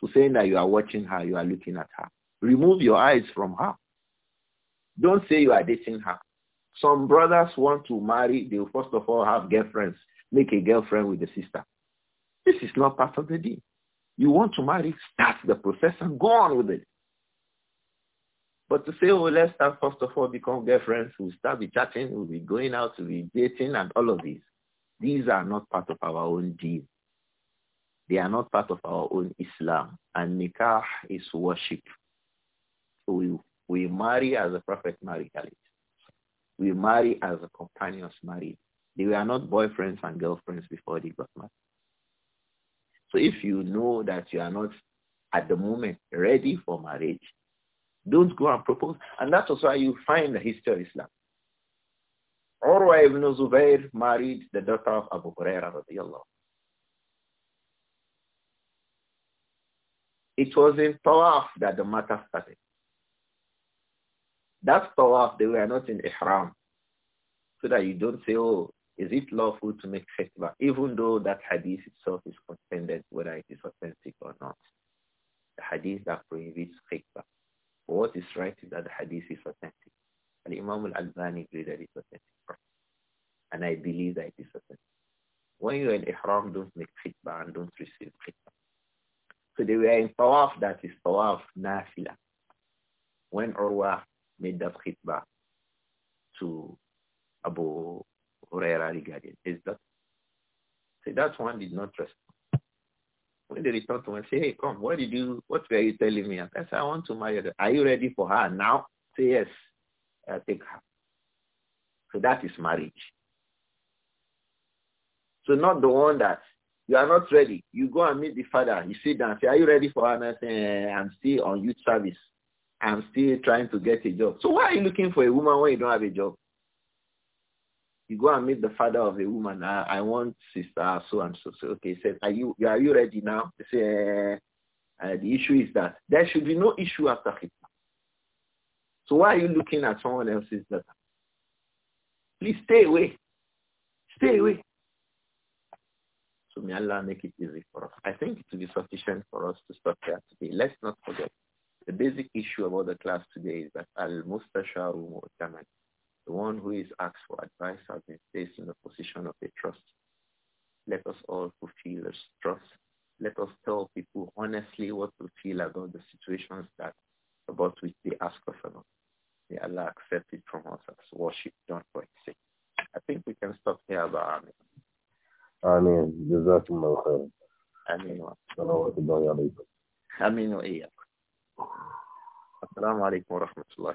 [SPEAKER 1] To saying that you are watching her, you are looking at her. Remove your eyes from her. Don't say you are dating her. Some brothers want to marry, they first of all have girlfriends, make a girlfriend with the sister. This is not part of the deal. You want to marry, start the process and go on with it. But to say, oh, let's start first of all become girlfriends, we'll start be chatting, we'll be going out, we'll be dating and all of these. These are not part of our own deen. They are not part of our own Islam. And nikah is worship. So we, we marry as a Prophet married. We marry as a companions married. They were not boyfriends and girlfriends before they got married. So if you know that you are not at the moment ready for marriage, don't go and propose. And that was why you find the history of Islam. Urwa ibn zubayr married the daughter of Abu Huraira radiallahu. It was in Tawaf that the matter started. That's Tawaf, they were not in Ihram. So that you don't say, oh, is it lawful to make khitbah? Even though that hadith itself is contended whether it is authentic or not. The hadith that prohibits khitbah. What is right is that the hadith is authentic. And Imam al-Albani agreed that it's authentic. And I believe that it is authentic. When you're in Ihram, don't make khitbah and don't receive khitbah. So they were in tawaf, that is tawaf nafila. When Urwa made that khitbah to Abu Huraira regarding is that. So that one did not respond. When they respond to me and say, hey, come, what did you, what were you telling me? I said, I want to marry her. Are you ready for her now? Say yes. i take her. So that is marriage. So not the one that you are not ready. You go and meet the father. You sit down and say, are you ready for her? And I say, eh, I'm still on youth service. I'm still trying to get a job. So why are you looking for a woman when you don't have a job? You go and meet the father of a woman. I, ah, I want sister so and so. so. Okay, he said, are you are you ready now? He said, uh, the issue is that there should be no issue after khitna. So why are you looking at someone else's daughter? Please stay away. Stay away. So may Allah make it easy for us. I think it will be sufficient for us to stop here today. Let's not forget. The basic issue about the class today is that al-mustasharu mu'taman. The one who is asked for advice has been placed in the position of a trust. Let us all fulfill this trust. Let us tell people honestly what we feel about the situations that about which they ask us about. May Allah accept it from us as worship done for his sake. I think we can stop here, Abba Amin. Amin. جزاكم الله خير. آمين صلوات الله عليكم. آمين وإياكم. السلام عليكم ورحمة الله